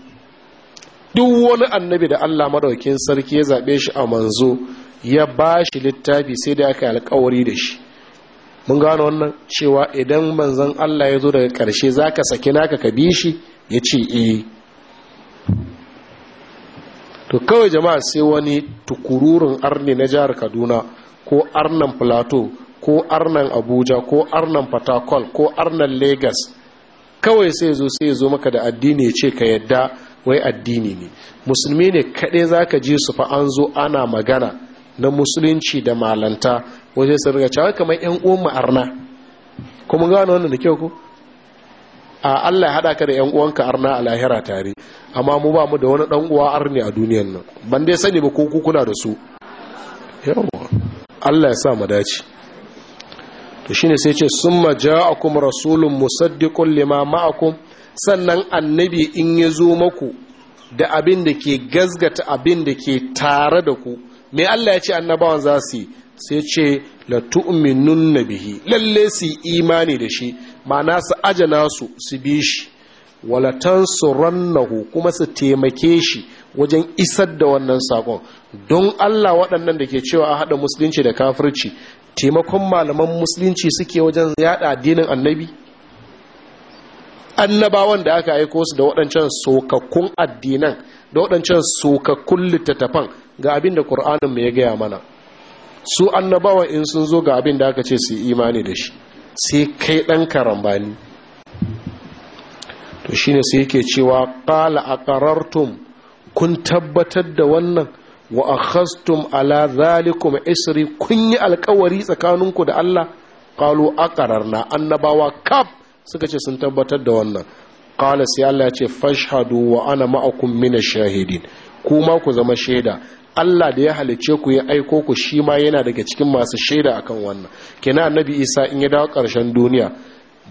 duk wani annabi da Allah maɗaukin sarki ya zaɓe shi a manzo ya ba shi littafi sai da aka yi alkawari da shi mun gano wannan cewa idan manzon Allah ya zo daga ƙarshe za ka saki naka ka bi shi ya ce eh to kawai jama'a sai wani tukururin arne na jihar kaduna ko arnan plateau ko arnan abuja ko arnan fatakol ko arnan Legas, kawai sai zo sai zo maka da addini ya ce ka yadda wai addini ne musulmi ne kaɗai za ka ji su fa an zo ana magana na musulunci da malanta waje su riga cewa kamar yan uwan ma'arna kuma gano wannan da kyau ko a Allah ya haɗa ka da yan uwanka arna a lahira tare amma mu ba mu da wani ɗan uwa arni a duniyan nan ban dai sani ba ko ku kuna da su yawa Allah ya sa mu dace to shine sai ce summa ja'akum rasulun musaddiqun lima ma'akum sannan annabi in ya zo maku da abin da ke gazgata abin da ke tare da ku mai Allah ya ce annabawan za su yi sai ce la tu'minun nabihi lalle su imani da shi ma'ana su ajana su su bi shi su rannahu kuma su taimake shi wajen isar da wannan sakon don Allah waɗannan da ke cewa a haɗa musulunci da kafirci taimakon malaman musulunci suke wajen yada addinin annabi annabawan da aka aiko su da waɗancan sokakkun addinan da waɗancan sokakkun littattafan ga abin da ƙur'anin mai ya gaya mana su annabawan in sun zo ga abin da aka ce su imani da shi sai kai ɗan karambani to shine sai yake cewa ƙala a ƙarartum kun tabbatar da wannan wa a akhastum ala zalikum isri kun yi alkawari tsakaninku da Allah a na annabawa kaf suka ce sun tabbatar da wannan qala sai Allah ya ce fashhadu wa ana ma'akum mina shahidin kuma ku zama shaida Allah da ya halice ku ya aiko ku shi ma yana daga cikin masu shaida akan wannan kina annabi Isa in ya dawo ƙarshen duniya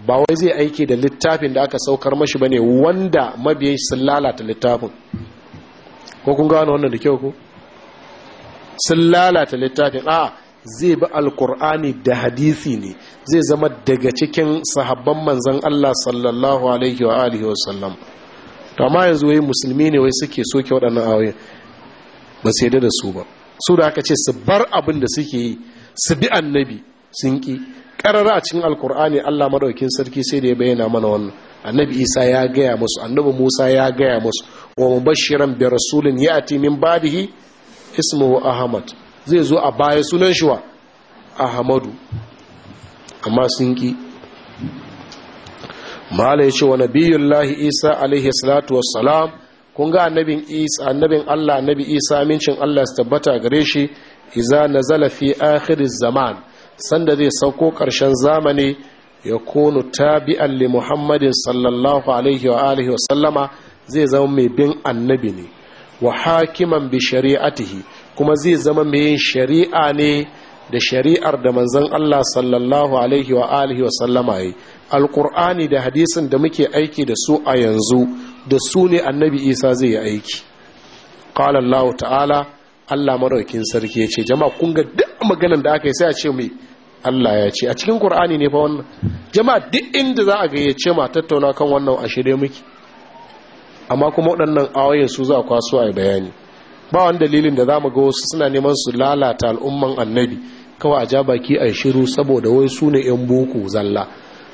ba wai zai aiki da littafin da aka saukar mashi bane wanda mabiyan sun lalata littafin ko kun gano wannan da kyau ko sun lalata littafin a zai bi alkur'ani da hadisi ne zai zama daga cikin sahabban manzan Allah sallallahu alaihi wa alihi wa sallam to amma yanzu wai musulmi ne wai suke soke waɗannan awai, ba sai da su ba su da aka ce su bar abin da suke yi su bi annabi sun ki karara a cikin alkur'ani Allah madaukin sarki sai da ya bayyana mana wannan annabi Isa ya gaya musu annabi Musa ya gaya musu wa mubashiran bi rasulin ya'ti min ba'dihi ismuhu Ahmad zai zo a baya sunan shi a ahmadu amma sun ki ya yace wa nabiyullahi isa alaihi salatu wassalam kun ga annabin Allah nabi isa mincin Allah su tabbata gare shi iza nazala fi akhiriz zaman sanda zai sauko karshen zamani ya kunu tabi'an li muhammadin sallallahu alaihi wa alihi wa sallama zai zama mai bin annabi ne wa hakiman bi shari'atihi kuma zai zama mai shari'a ne da shari'ar da manzon Allah sallallahu alaihi wa alihi wa sallama yi alqur'ani da hadisin da muke aiki da su a yanzu da su ne annabi Isa zai yi aiki qala Allah ta'ala Allah maraukin sarki ya ce jama'a kun ga duk maganan da aka yi sai a ce mai Allah ya ce a cikin ƙur'ani ne fa wannan jama'a duk inda za a gayyace ma tattauna kan wannan a shirye muke amma kuma waɗannan awayen su za a kwaso a bayani ba wani dalilin da za mu ga wasu suna neman su lalata al'umman annabi kawai a ja baki a shiru saboda wai su ne 'yan boko zalla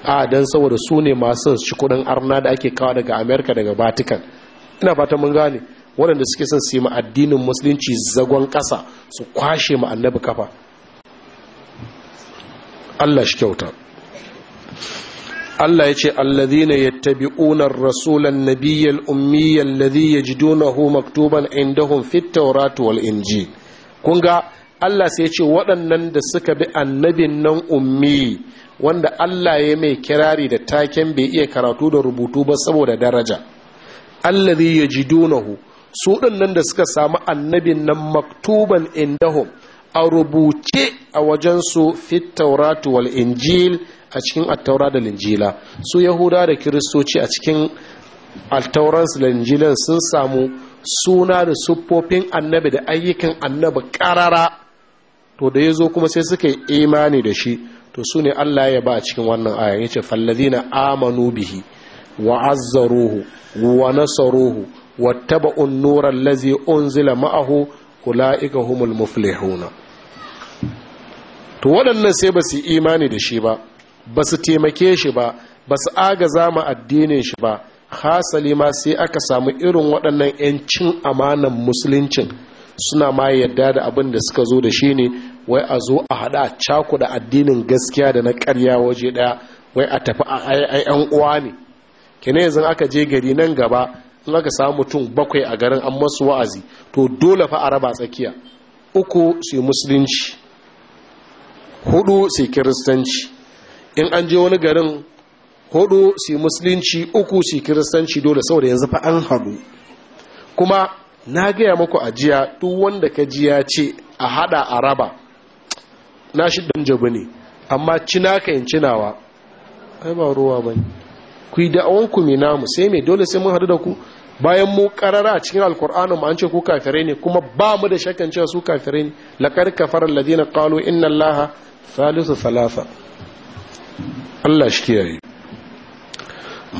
a don saboda su ne masu ci kudin arna da ake kawo daga amerika daga vatican ina fata mun gane waɗanda suke son su yi ma addinin musulunci zagon ƙasa su kwashe ma annabi kafa allah shi kyauta Allah ya ce allazina yattabi'una ar-rasulan nabiyyal ummiyal ladhi yajidunahu maktuban indahum fit tawrat wal injil kun ga Allah sai ya ce waɗannan da suka bi annabin nan ummi wanda Allah ya mai kirari da taken bai iya karatu da rubutu ba saboda daraja allazi yajidunahu su ɗannan da suka samu annabin nan maktuban indahum a rubuce a wajensu fit tawrat wal injil a cikin attaura da linjila su yahuda da kiristoci a cikin altauransu da linjilan sun samu suna da siffofin annabi da ayyukan annabi karara to da ya zo kuma sai suka yi imani da shi to su ne allah ya ba a cikin wannan aya ya ce fallazina amanu bihi wa azzaruhu wa nasaruhu واتبعوا النور الذي أنزل معه أولئك هم المفلحون to waɗannan sai ba su imani da shi ba ba su taimake shi ba ba su agaza mu addinin shi ba hasali ma sai aka samu irin waɗannan 'yancin amanan musuluncin suna ma yadda da abin da suka zo da shi ne wai a zo a haɗa a da addinin gaskiya da na karya waje ɗaya wai a tafi a ayyan uwa ne kene yanzu aka je gari nan gaba in aka samu mutum bakwai a garin an masu wa'azi to dole fa a raba tsakiya uku su yi musulunci hudu su yi kiristanci in an je wani garin hudu si musulunci uku si kiristanci dole saboda yanzu fa an haɗu kuma na gaya muku a jiya duk wanda ka jiya ce a hada a raba na shi don jabu ne amma cina ka yin cinawa ai ba ruwa ba ne ku yi da'awon ku mai namu sai mai dole sai mun haɗu da ku bayan mu karara a cikin alkur'ani mu an ce ku kafirai ne kuma ba mu da shakkan cewa su kafirai ne laqad kafara alladhina qalu inna allaha thalithu thalatha Allah shi kiyaye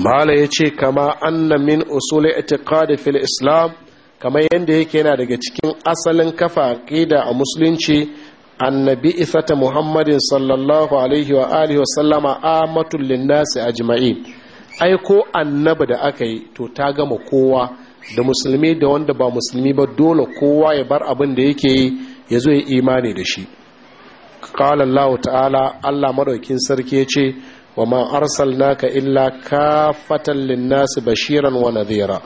mala ce, kama anna min usuli i'tiqad fil islam kamar yadda yake yana daga cikin asalin kafa aqida a musulunci annabi isata muhammadin sallallahu alaihi wa alihi wasallama matullin nasi a ai ko annaba da aka yi to ta gama kowa da musulmi da wanda ba musulmi ba dole kowa ya bar abin da yake yi ya zo ya imani da shi qala Allah ta'ala Allah madaukin sarki ya ce wa ma arsalnaka illa kafatan lin-nas bashiran wa nadhira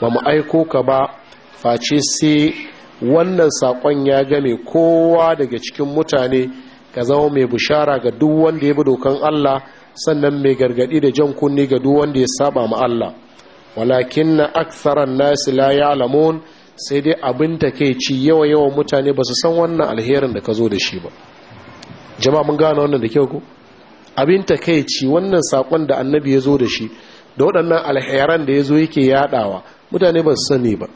ba mu aiko ka ba face sai wannan sakon ya game kowa daga cikin mutane ka zama mai bushara ga duk wanda ya bi dokan Allah sannan mai gargadi da jan kunni ga duk wanda ya saba ma Allah walakin na aksaran nasi la ya'lamun sai dai abin takeici yawa yawan mutane ba su san wannan alherin da ka zo da shi ba Jama mun gane wannan da kyau ko abin takeici wannan sakon da annabi ya zo da shi da waɗannan alheran da ya zo yake yadawa mutane ba su sani ba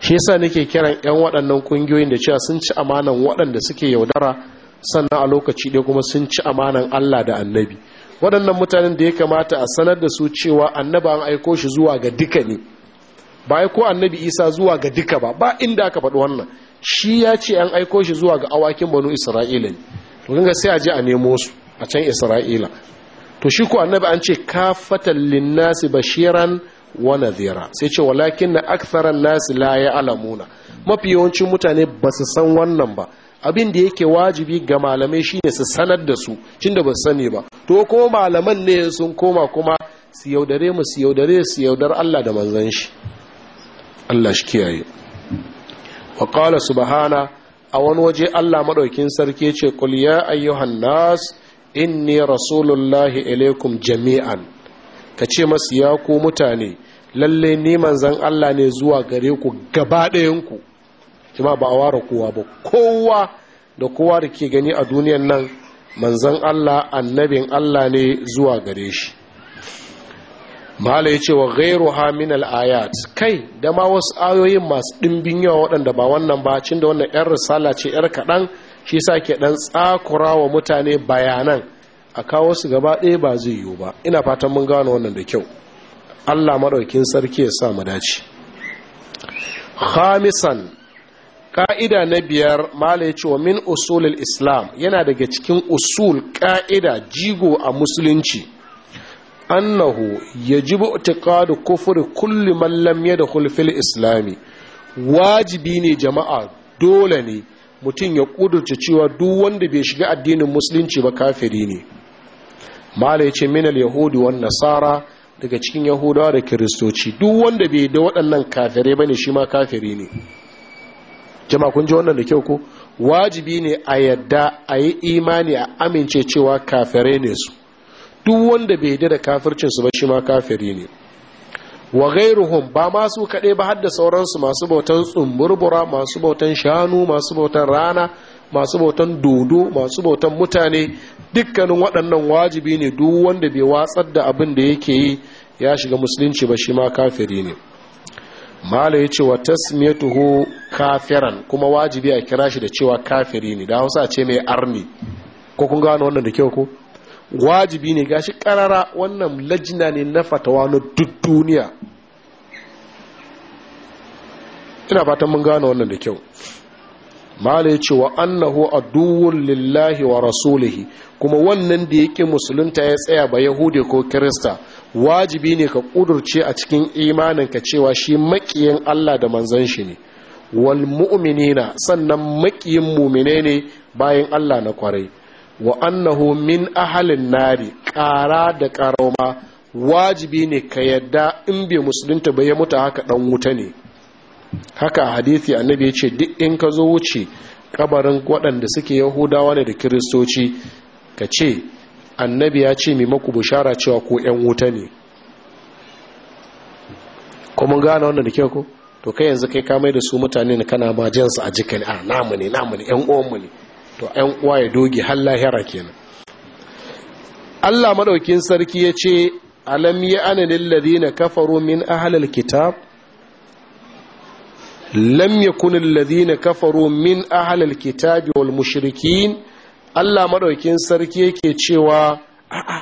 shi yasa nake kiran yan waɗannan kungiyoyin da cewa sun ci amanan waɗanda suke yaudara sannan a lokaci ɗaya kuma sun ci amanan Allah da annabi waɗannan mutanen da ya kamata a sanar da su cewa Annabi an aiko shi zuwa ga duka ne ba ko annabi isa zuwa ga duka ba ba inda aka faɗi wannan shi ya ce an aiko shi zuwa ga awakin banu isra'ila ne to sai a je a nemo su a can isra'ila to shi ko annabi an ce kafatan linnasi bashiran wa nadhira sai ce walakin na aktharan nasi la ya'lamuna mafi yawancin mutane ba su san wannan ba abin da yake wajibi ga malamai shine su sanar da su tunda ba su sani ba to ko malaman ne sun koma kuma su yaudare mu su yaudare su yaudar Allah da manzon shi Allah shi kiyaye wa qala subhana a wani waje Allah maɗaukin sarki ce qul ya ayyuhan nas inni rasulullahi ilaikum jami'an ka ce masu ya ku mutane lalle ni manzan Allah ne zuwa gare ku gaba ɗayanku kima ba a wara kowa ba kowa da kowa da ke gani a duniyan nan manzan Allah annabin Allah ne zuwa gare shi mahala ya ce wa gairu haminal ayat kai da ma wasu ayoyin masu ɗimbin yawa waɗanda ba wannan ba cin da wannan 'yan risala ce 'yar kaɗan shi sa ke ɗan tsakura wa mutane bayanan a kawo su gaba ɗaya ba zai yiwu ba ina fatan mun gano wannan da kyau allah maɗaukin sarki ya sa mu dace khamisan ƙa'ida na biyar mahala ya ce wa min usulul islam yana daga cikin usul ƙa'ida jigo a musulunci annahu yajibu i'tiqadu kufri kulli man lam yadkhul fil islami wajibi ne jama'a dole ne mutum ya kudurce cewa duk wanda bai shiga addinin musulunci ba kafiri ne mala yace yahudi wan nasara daga cikin yahudawa da kiristoci duk wanda bai da waɗannan kafirai bane shima kafiri ne jama'a kun ji wannan da kyau ko wajibi ne a yadda a yi imani a amince cewa kafirai ne su duk wanda bai da da kafircin su ba shi ma kafiri ne wa ghairuhum ba masu su kaɗai ba har da sauransu masu bautan tsumburbura masu bautan shanu masu bautan rana masu bautan dodo masu bautan mutane dukkanin waɗannan wajibi ne duk wanda bai watsar da abin da yake yi ya shiga musulunci ba shi ma kafiri ne mala ya ce wa tasmiyatuhu kafiran kuma wajibi a kira shi da cewa kafiri ne da hausa ce mai arni ko kun gano wannan da kyau ko wajibi ne gashi karara wannan lajina ne na fatawa na duk duniya ina fatan mun gane wannan da kyau mala ya ce wa annahu aduwun lillahi wa rasulihi kuma wannan da yake musulunta ya tsaya ba yahudi ko kirista wajibi ne ka kudurce a cikin imanin ka cewa shi makiyin Allah da manzan shi ne wal mu'minina sannan makiyin mu'mine ne bayan Allah na kwarai wa annahu min ahalin nari ƙara da ƙarauma wajibi ne ka yadda in bai musulunta bai ya mutu haka ɗan wuta ne haka hadithi annabi ya ce duk in ka zo wuce kabarin waɗanda suke yahudawa ne da kiristoci ka ce annabi ya ce mai maku bishara cewa ko 'yan wuta ne kuma gane wannan da kyau ko to kai yanzu kai kamai da su mutane na kana ma jansu a jikin a ah, namu ne namu ne 'yan uwanmu to ‘yan uwa ya doge har lahira kenan Allah maɗaukin sarki ya ce alam yi ananin ladina kafaru min ahalal kitab lam yakun Ladina kafaru min ahlil kitab wal mushrikin Allah maɗaukin sarki yake cewa a'a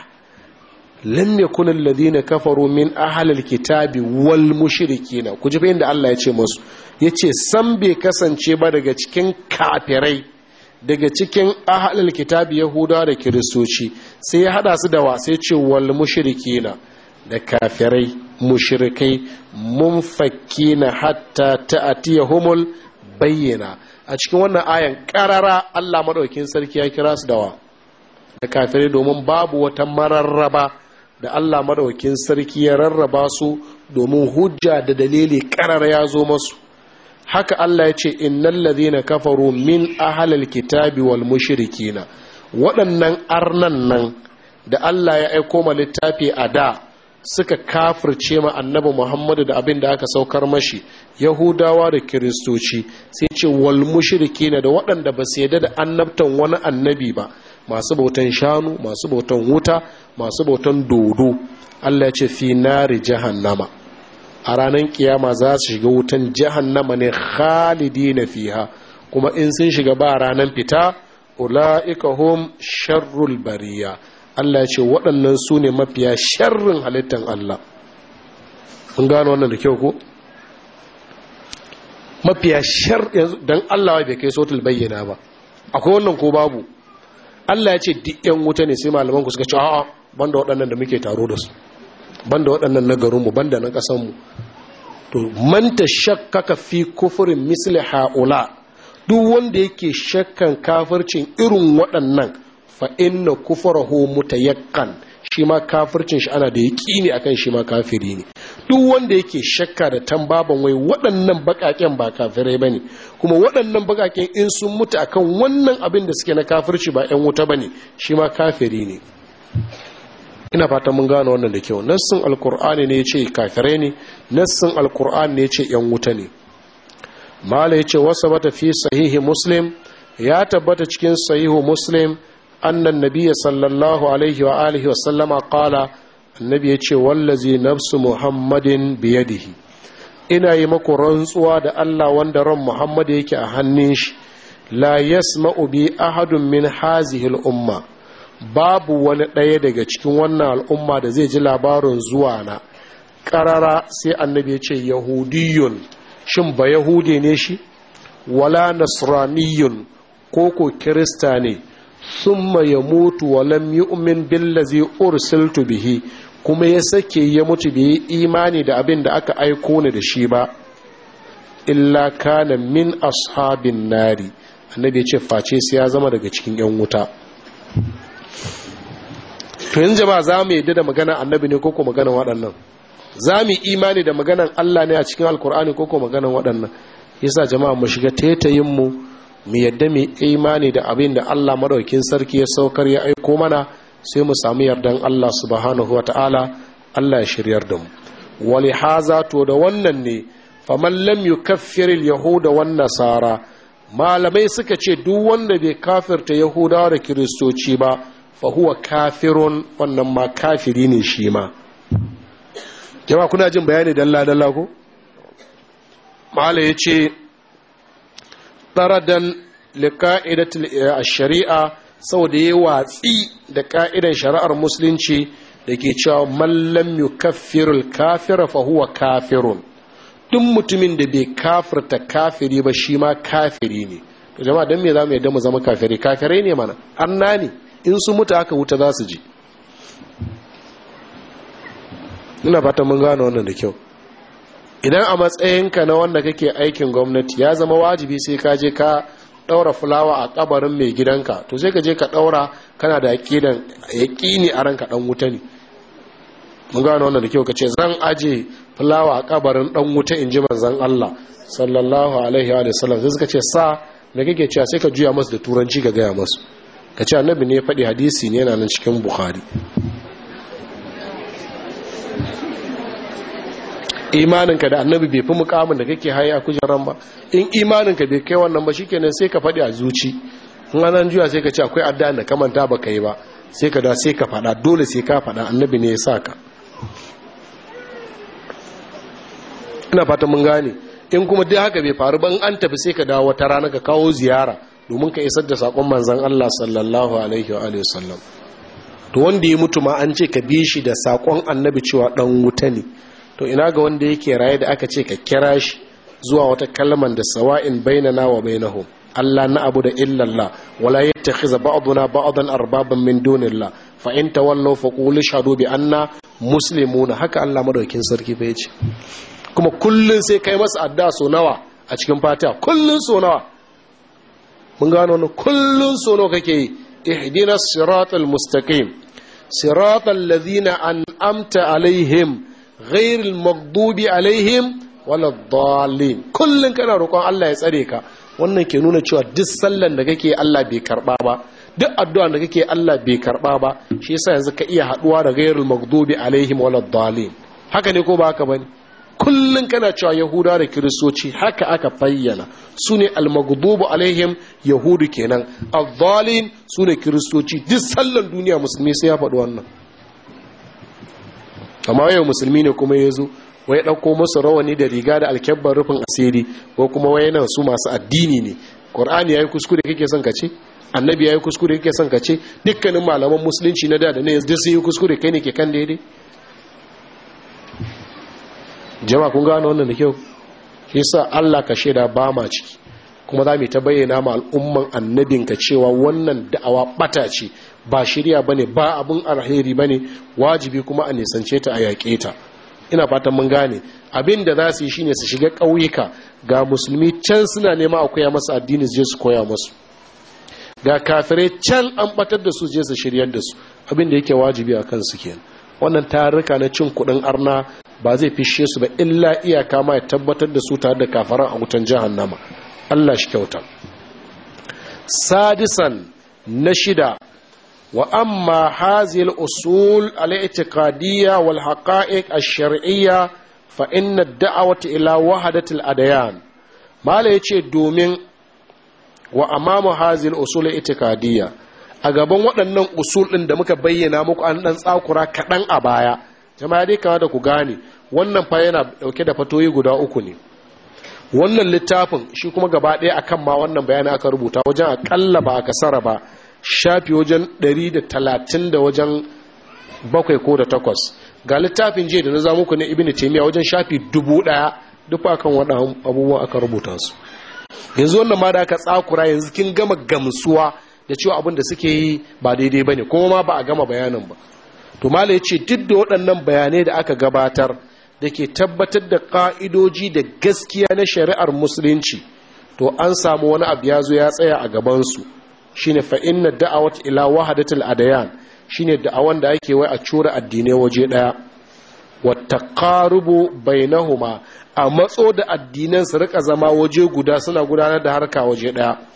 lam yakun Ladina kafaru min ahlil kitabi wal mushrikin ku ji bayin da Allah ya ce musu yace san bai kasance ba daga cikin kafirai daga cikin ahalil kitabi yahuda da kiristoci sai ya hada su da wa sai ce wal mushrikina da kafirai mushrikai na hatta ta humul bayyana a cikin wannan ayan karara Allah maɗaukin sarki ya kira su da wa da kafirai domin babu wata mararraba da Allah maɗaukin sarki ya rarraba su domin hujja da dalili karara ya zo masu haka Allah ya ce innal ladhina kafaru min ahlil kitabi wal mushrikina waɗannan arnan nan da Allah ya aiko ma littafi a da suka kafirce ma annabi Muhammadu da abin da aka saukar mashi Yahudawa da Kiristoci sai ce wal mushrikina da waɗanda ba su yarda da annabtan wani annabi ba masu bautan shanu masu bautan wuta masu bautan dodo Allah ya ce fi nari jahannama a ranar kiyama za su shiga wutan jahannama ne khalidi na fiha kuma in sun shiga ba ranar fita ula'ika hum sharrul bariya Allah ce waɗannan su ne mafiya sharrin halittar Allah An gano wannan da kyau ko mafiya shar don Allah bai kai sotul bayyana ba akwai wannan ko babu Allah ya ce duk yan wuta ne sai malamanku ku suka ce a'a banda waɗannan da muke taro da su banda waɗannan na banda na ƙasanmu to manta shakka ka fi kufurin misli ha'ula duk wanda yake shakkan kafircin irin waɗannan fa inna muta mutayakkan shi ma kafircin shi ana da ne akan shi ma kafiri ne duk wanda yake shakka da tambaban wai waɗannan baƙaƙen ba kafirai bane kuma waɗannan baƙaƙen in sun mutu akan wannan abin da suke na kafirci ba 'yan wuta bane shi ma kafiri ne ina fatan mun gano wannan da kyau nassin alkur'ani ne ce kafirai ne nassin alkur'ani ne ce yan wuta ne mala yace wasa bata fi sahihi muslim ya tabbata cikin sahihu muslim annan nabiyya sallallahu alaihi wa alihi wa sallama qala annabi yace wallazi nafsu muhammadin biyadihi ina yi maku rantsuwa da Allah wanda ran Muhammad yake a hannun shi la yasma'u bi ahadun min hazihi al-umma babu wani ɗaya daga cikin wannan al'umma da zai ji labarin zuwa na ƙarara sai annabi ya ce yahudiyun shin ba yahudi ne shi wala nasraniyun ko ko kirista ne summa ya mutu walam yu'min billazi ursiltu bihi kuma ya sake ya mutu bai yi imani da abin da aka aiko ni da shi ba illa kana min ashabin nari annabi ya ce face sai ya zama daga cikin yan wuta to yanzu jama'a za mu yadda da maganar annabi ne koko maganar waɗannan za mu imani da maganar Allah ne a cikin alkur'ani koko maganar waɗannan yasa jama'a mu shiga tetayin mu mu yadda mu imani da abin da Allah maɗaukin sarki ya saukar ya aiko mana sai mu samu yardan Allah subhanahu wata'ala Allah ya shiryar da mu wali haza to da wannan ne faman lam yukaffir al-yahuda wan nasara malamai suka ce duk wanda bai kafirta yahudawa da kiristoci ba fa huwa kafirun wannan ma kafiri ne shi ma jama'a kuna jin bayani dalla dalla ko mala yace taradan liqa'idatil eh, shari'a saboda yayi watsi da ka'idan shari'ar musulunci da ke cewa mallam al kafira fa huwa kafirun duk mutumin da bai kafirta kafiri ba shi ma kafiri ne to jama'a dan me zamu yadda mu zama kafiri kafirai ne mana An nani. in su mutu aka wuta za su ji ina fata mun gano wannan da kyau idan a matsayinka na wanda kake aikin gwamnati ya zama wajibi sai ka je ka daura fulawa a kabarin mai gidanka to sai ka je ka daura kana da yaqidan yaƙini a ranka dan wuta ne mun gano wannan da kyau Ka ce zan aje fulawa a kabarin dan wuta in inji manzon Allah sallallahu alaihi wa sallam sai suka ce sa me kake cewa sai ka juya masu da turanci ga gaya masu ka ce annabi ne ya faɗi hadisi ne yana nan cikin bukhari imaninka da annabi bai fi mukamin da kake haya kujeran ba in imaninka bai kai wannan ba shikenan sai ka faɗi a zuci in anan juya sai ka ce akwai adda da kamanta ba kai ba sai ka da sai ka faɗa dole sai ka faɗa annabi ne ya sa ka ina fata mun gane in kuma dai haka bai faru ba in an tafi sai ka dawo wata rana ka kawo ziyara domin ka isar da sakon manzan Allah sallallahu alaihi wa sallam to wanda ya mutu ma an ce ka bi shi da sakon annabi cewa ɗan wuta ne to ina ga wanda yake raye da aka ce ka kira shi zuwa wata kalman da sawa'in bainana wa bainahum Allah na abu da illallah wala yattakhiza ba'duna ba'dan arbaban min dunillah fa in tawallaw fa qul shahadu bi anna haka Allah madaukin sarki bai ce. kuma kullum sai kai masa adda so nawa a cikin fata kullun so nawa mun gano wani kullum sono kake yi ihdina siratal mustaqim siratal ladhina an'amta alaihim ghairil maghdubi alaihim wala Kullum kullun kana roƙon Allah ya tsare ka wannan ke nuna cewa duk sallan da kake Allah bai karba ba duk addu'a da kake Allah bai karba ba shi yasa yanzu ka iya haduwa da ghairil maghdubi alaihim wala dhalin haka ne ko ba haka bane kullum kana cewa yahuda da kiristoci haka aka fayyana su ne almagudubu alaihim yahudu kenan azzalim su ne kiristoci duk sallan duniya musulmi sai ya faɗi wannan amma yau musulmi ne kuma ya zo wai ɗauko masu rawani da riga da alkyabban rufin asiri ko kuma wai nan su masu addini ne ƙur'ani ya yi kuskure kake son ka ce annabi ya yi kuskure kake son ka ce dukkanin malaman musulunci na da da ne duk sun yi kuskure kai ne ke kan daidai jama kun gano wannan da kyau shi sa Allah ka shaida ba ma ciki kuma za mu ta bayyana ma al'umman ka cewa wannan da'awa bata ce ba shirya bane ba abun alheri bane wajibi kuma a nisance ta a yaƙe ta ina fatan mun gane abin da za su yi shine su shiga ƙauyuka ga musulmi can suna nema a koya masu addini su je su koya masu ga kafirai can an batar da su je su shiryar da su abin da yake wajibi a kansu kenan wannan tarika na cin kudin arna ba zai fishe su ba illa iya kama ya tabbatar da su tare da kafaran a wutan jahannama Allah shi kyauta sadisan na shida wa amma hazil usul al-i'tiqadiyya wal haqa'iq ash-shar'iyya fa inna ad-da'wata ila wahdatil adayan mala yace domin wa amamu hazil usul al a gaban waɗannan usul ɗin da muka bayyana muku an ɗan tsakura kaɗan a baya jama'a dai kama da ku gane wannan fa yana ɗauke da fatoyi guda uku ne wannan littafin shi kuma gaba ɗaya akan ma wannan bayani aka rubuta wajen aƙalla ba a kasara ba shafi wajen 130 da wajen bakwai ko da takwas ga littafin jiya da na za muku na ibn taymiya wajen shafi dubu ɗaya duk akan waɗannan abubuwan aka rubuta su yanzu wannan ma da aka tsakura yanzu kin gama gamsuwa da cewa abin da suke yi ba daidai ba ne kuma ma ba a gama bayanin ba to mala duk da waɗannan bayanai da aka gabatar da ke tabbatar da ƙa'idoji da gaskiya na shari'ar musulunci to an samu wani abu ya zo ya tsaya a gabansu shine fa inna da'awat ila wahdatil adayan shine da'awan da ake wai a cura addinai waje daya wa taqarubu bainahuma a matso da addinan su rika zama waje guda suna gudanar da harka waje daya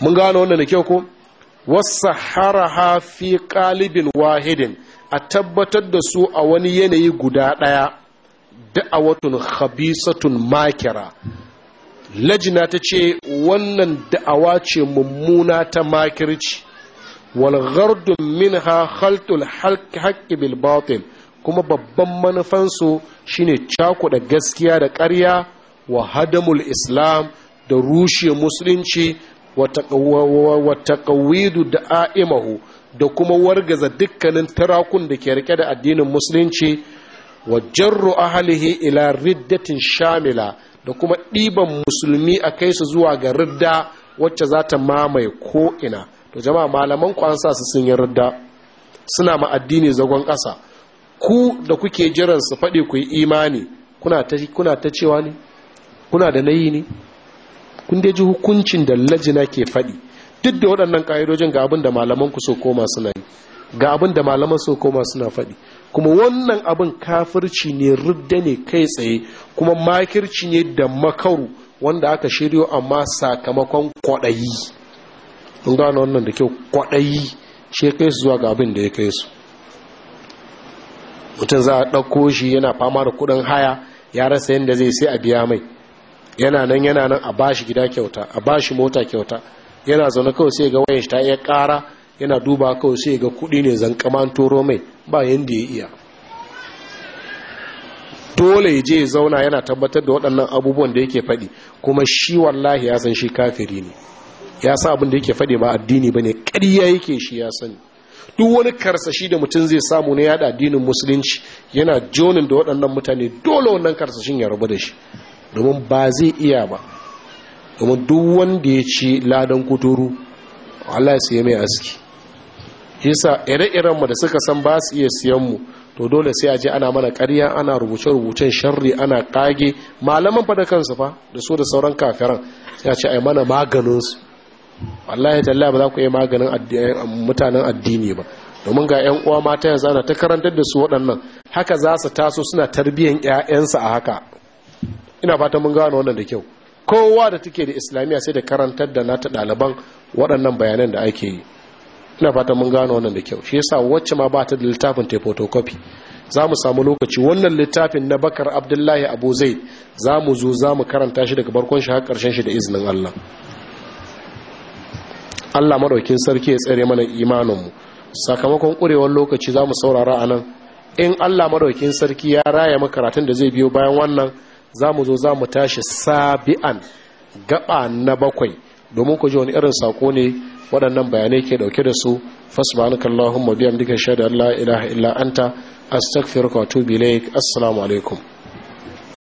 mun gano wannan da kyau ko wasaharaha hafi kalibin wahidin a tabbatar da su a wani yanayi guda ɗaya da'awatun khabisatun makera. lajina ta ce wannan da'awa ce mummuna ta makirci walghardun minha haltun haƙƙi bil batil kuma babban manufansu shine cakuɗa gaskiya da ƙarya wa hadamul islam da rushe musulunci wata ƙawidu da a'imahu da kuma wargaza dukkanin tarakun da ke rike da addinin musulunci wa jarru ahalihi ila riddatin shamila da kuma ɗiban musulmi a kai su zuwa ga ridda wacce za ta mamaye ko'ina to jama'a malaman ku an sa su sun yi ridda suna ma addini zagon ƙasa ku da kuke jiran su faɗi ku yi imani kuna ta cewa ne kuna da nayi ne kun dai ji hukuncin da lajina ke faɗi duk da waɗannan ƙa'idojin ga abin da malaman ku so koma suna yi ga abin da malaman so koma suna faɗi kuma wannan abin kafirci ne rudda ne kai tsaye kuma makirci ne da makaru wanda aka shiryo amma sakamakon kwaɗayi kun gano wannan da kyau kwaɗayi shi kai su zuwa ga abin da ya kai su mutum za a ɗauko shi yana fama da kuɗin haya ya rasa yadda zai sai a biya mai yana nan yana nan a bashi gida kyauta a bashi mota kyauta yana zaune kawai sai ga wayan shi ta iya ƙara yana duba kawai sai ga kuɗi ne kaman toro mai ba yanda ya iya dole ya je ya zauna yana tabbatar da waɗannan abubuwan da yake faɗi kuma shi wallahi ya san shi kafiri ne ya sa abin da yake faɗi ba addini ba ne ƙarya yake shi ya sani duk wani karsashi da mutum zai samu na yada addinin musulunci yana jonin da waɗannan mutane dole wannan karsashin ya rabu da shi domin ba zai iya ba domin duk wanda ya ci ladan kuturu Allah ya mai aski yasa ire-iren mu da suka san ba su iya siyan mu to dole sai a je ana mana ƙarya ana rubuce-rubucen sharri ana kage malaman fa kansu fa da su da sauran kafiran sai a ce ai mana maganin su wallahi tallahi ba za ku yi maganin mutanen addini ba domin ga yan uwa mata yanzu ana ta karantar da su waɗannan haka za su taso suna tarbiyyar 'ya'yansa a haka ina fata mun gano wannan da kyau kowa da take da islamiyya sai da karantar da nata ɗaliban waɗannan bayanan da ake yi ina fata mun gano wannan da kyau shi yasa wacce ma ba ta da littafin ta photocopy za mu samu lokaci wannan littafin na bakar abdullahi abu zai za mu zo za mu karanta shi daga barkon shi har ƙarshen shi da izinin allah allah maɗaukin sarki ya tsare mana imaninmu sakamakon ƙurewar lokaci za mu saurara a nan in allah maɗaukin sarki ya raya makaratun da zai biyo bayan wannan za mu zo za mu tashi sabi'an gaba na bakwai domin ku ji wani irin sako ne waɗannan bayanai ke ɗauke da su fasbanaka lahun mabiyan duka shaida Allah ilaha illa anta astaghfiruka wa atubu assalamu alaikum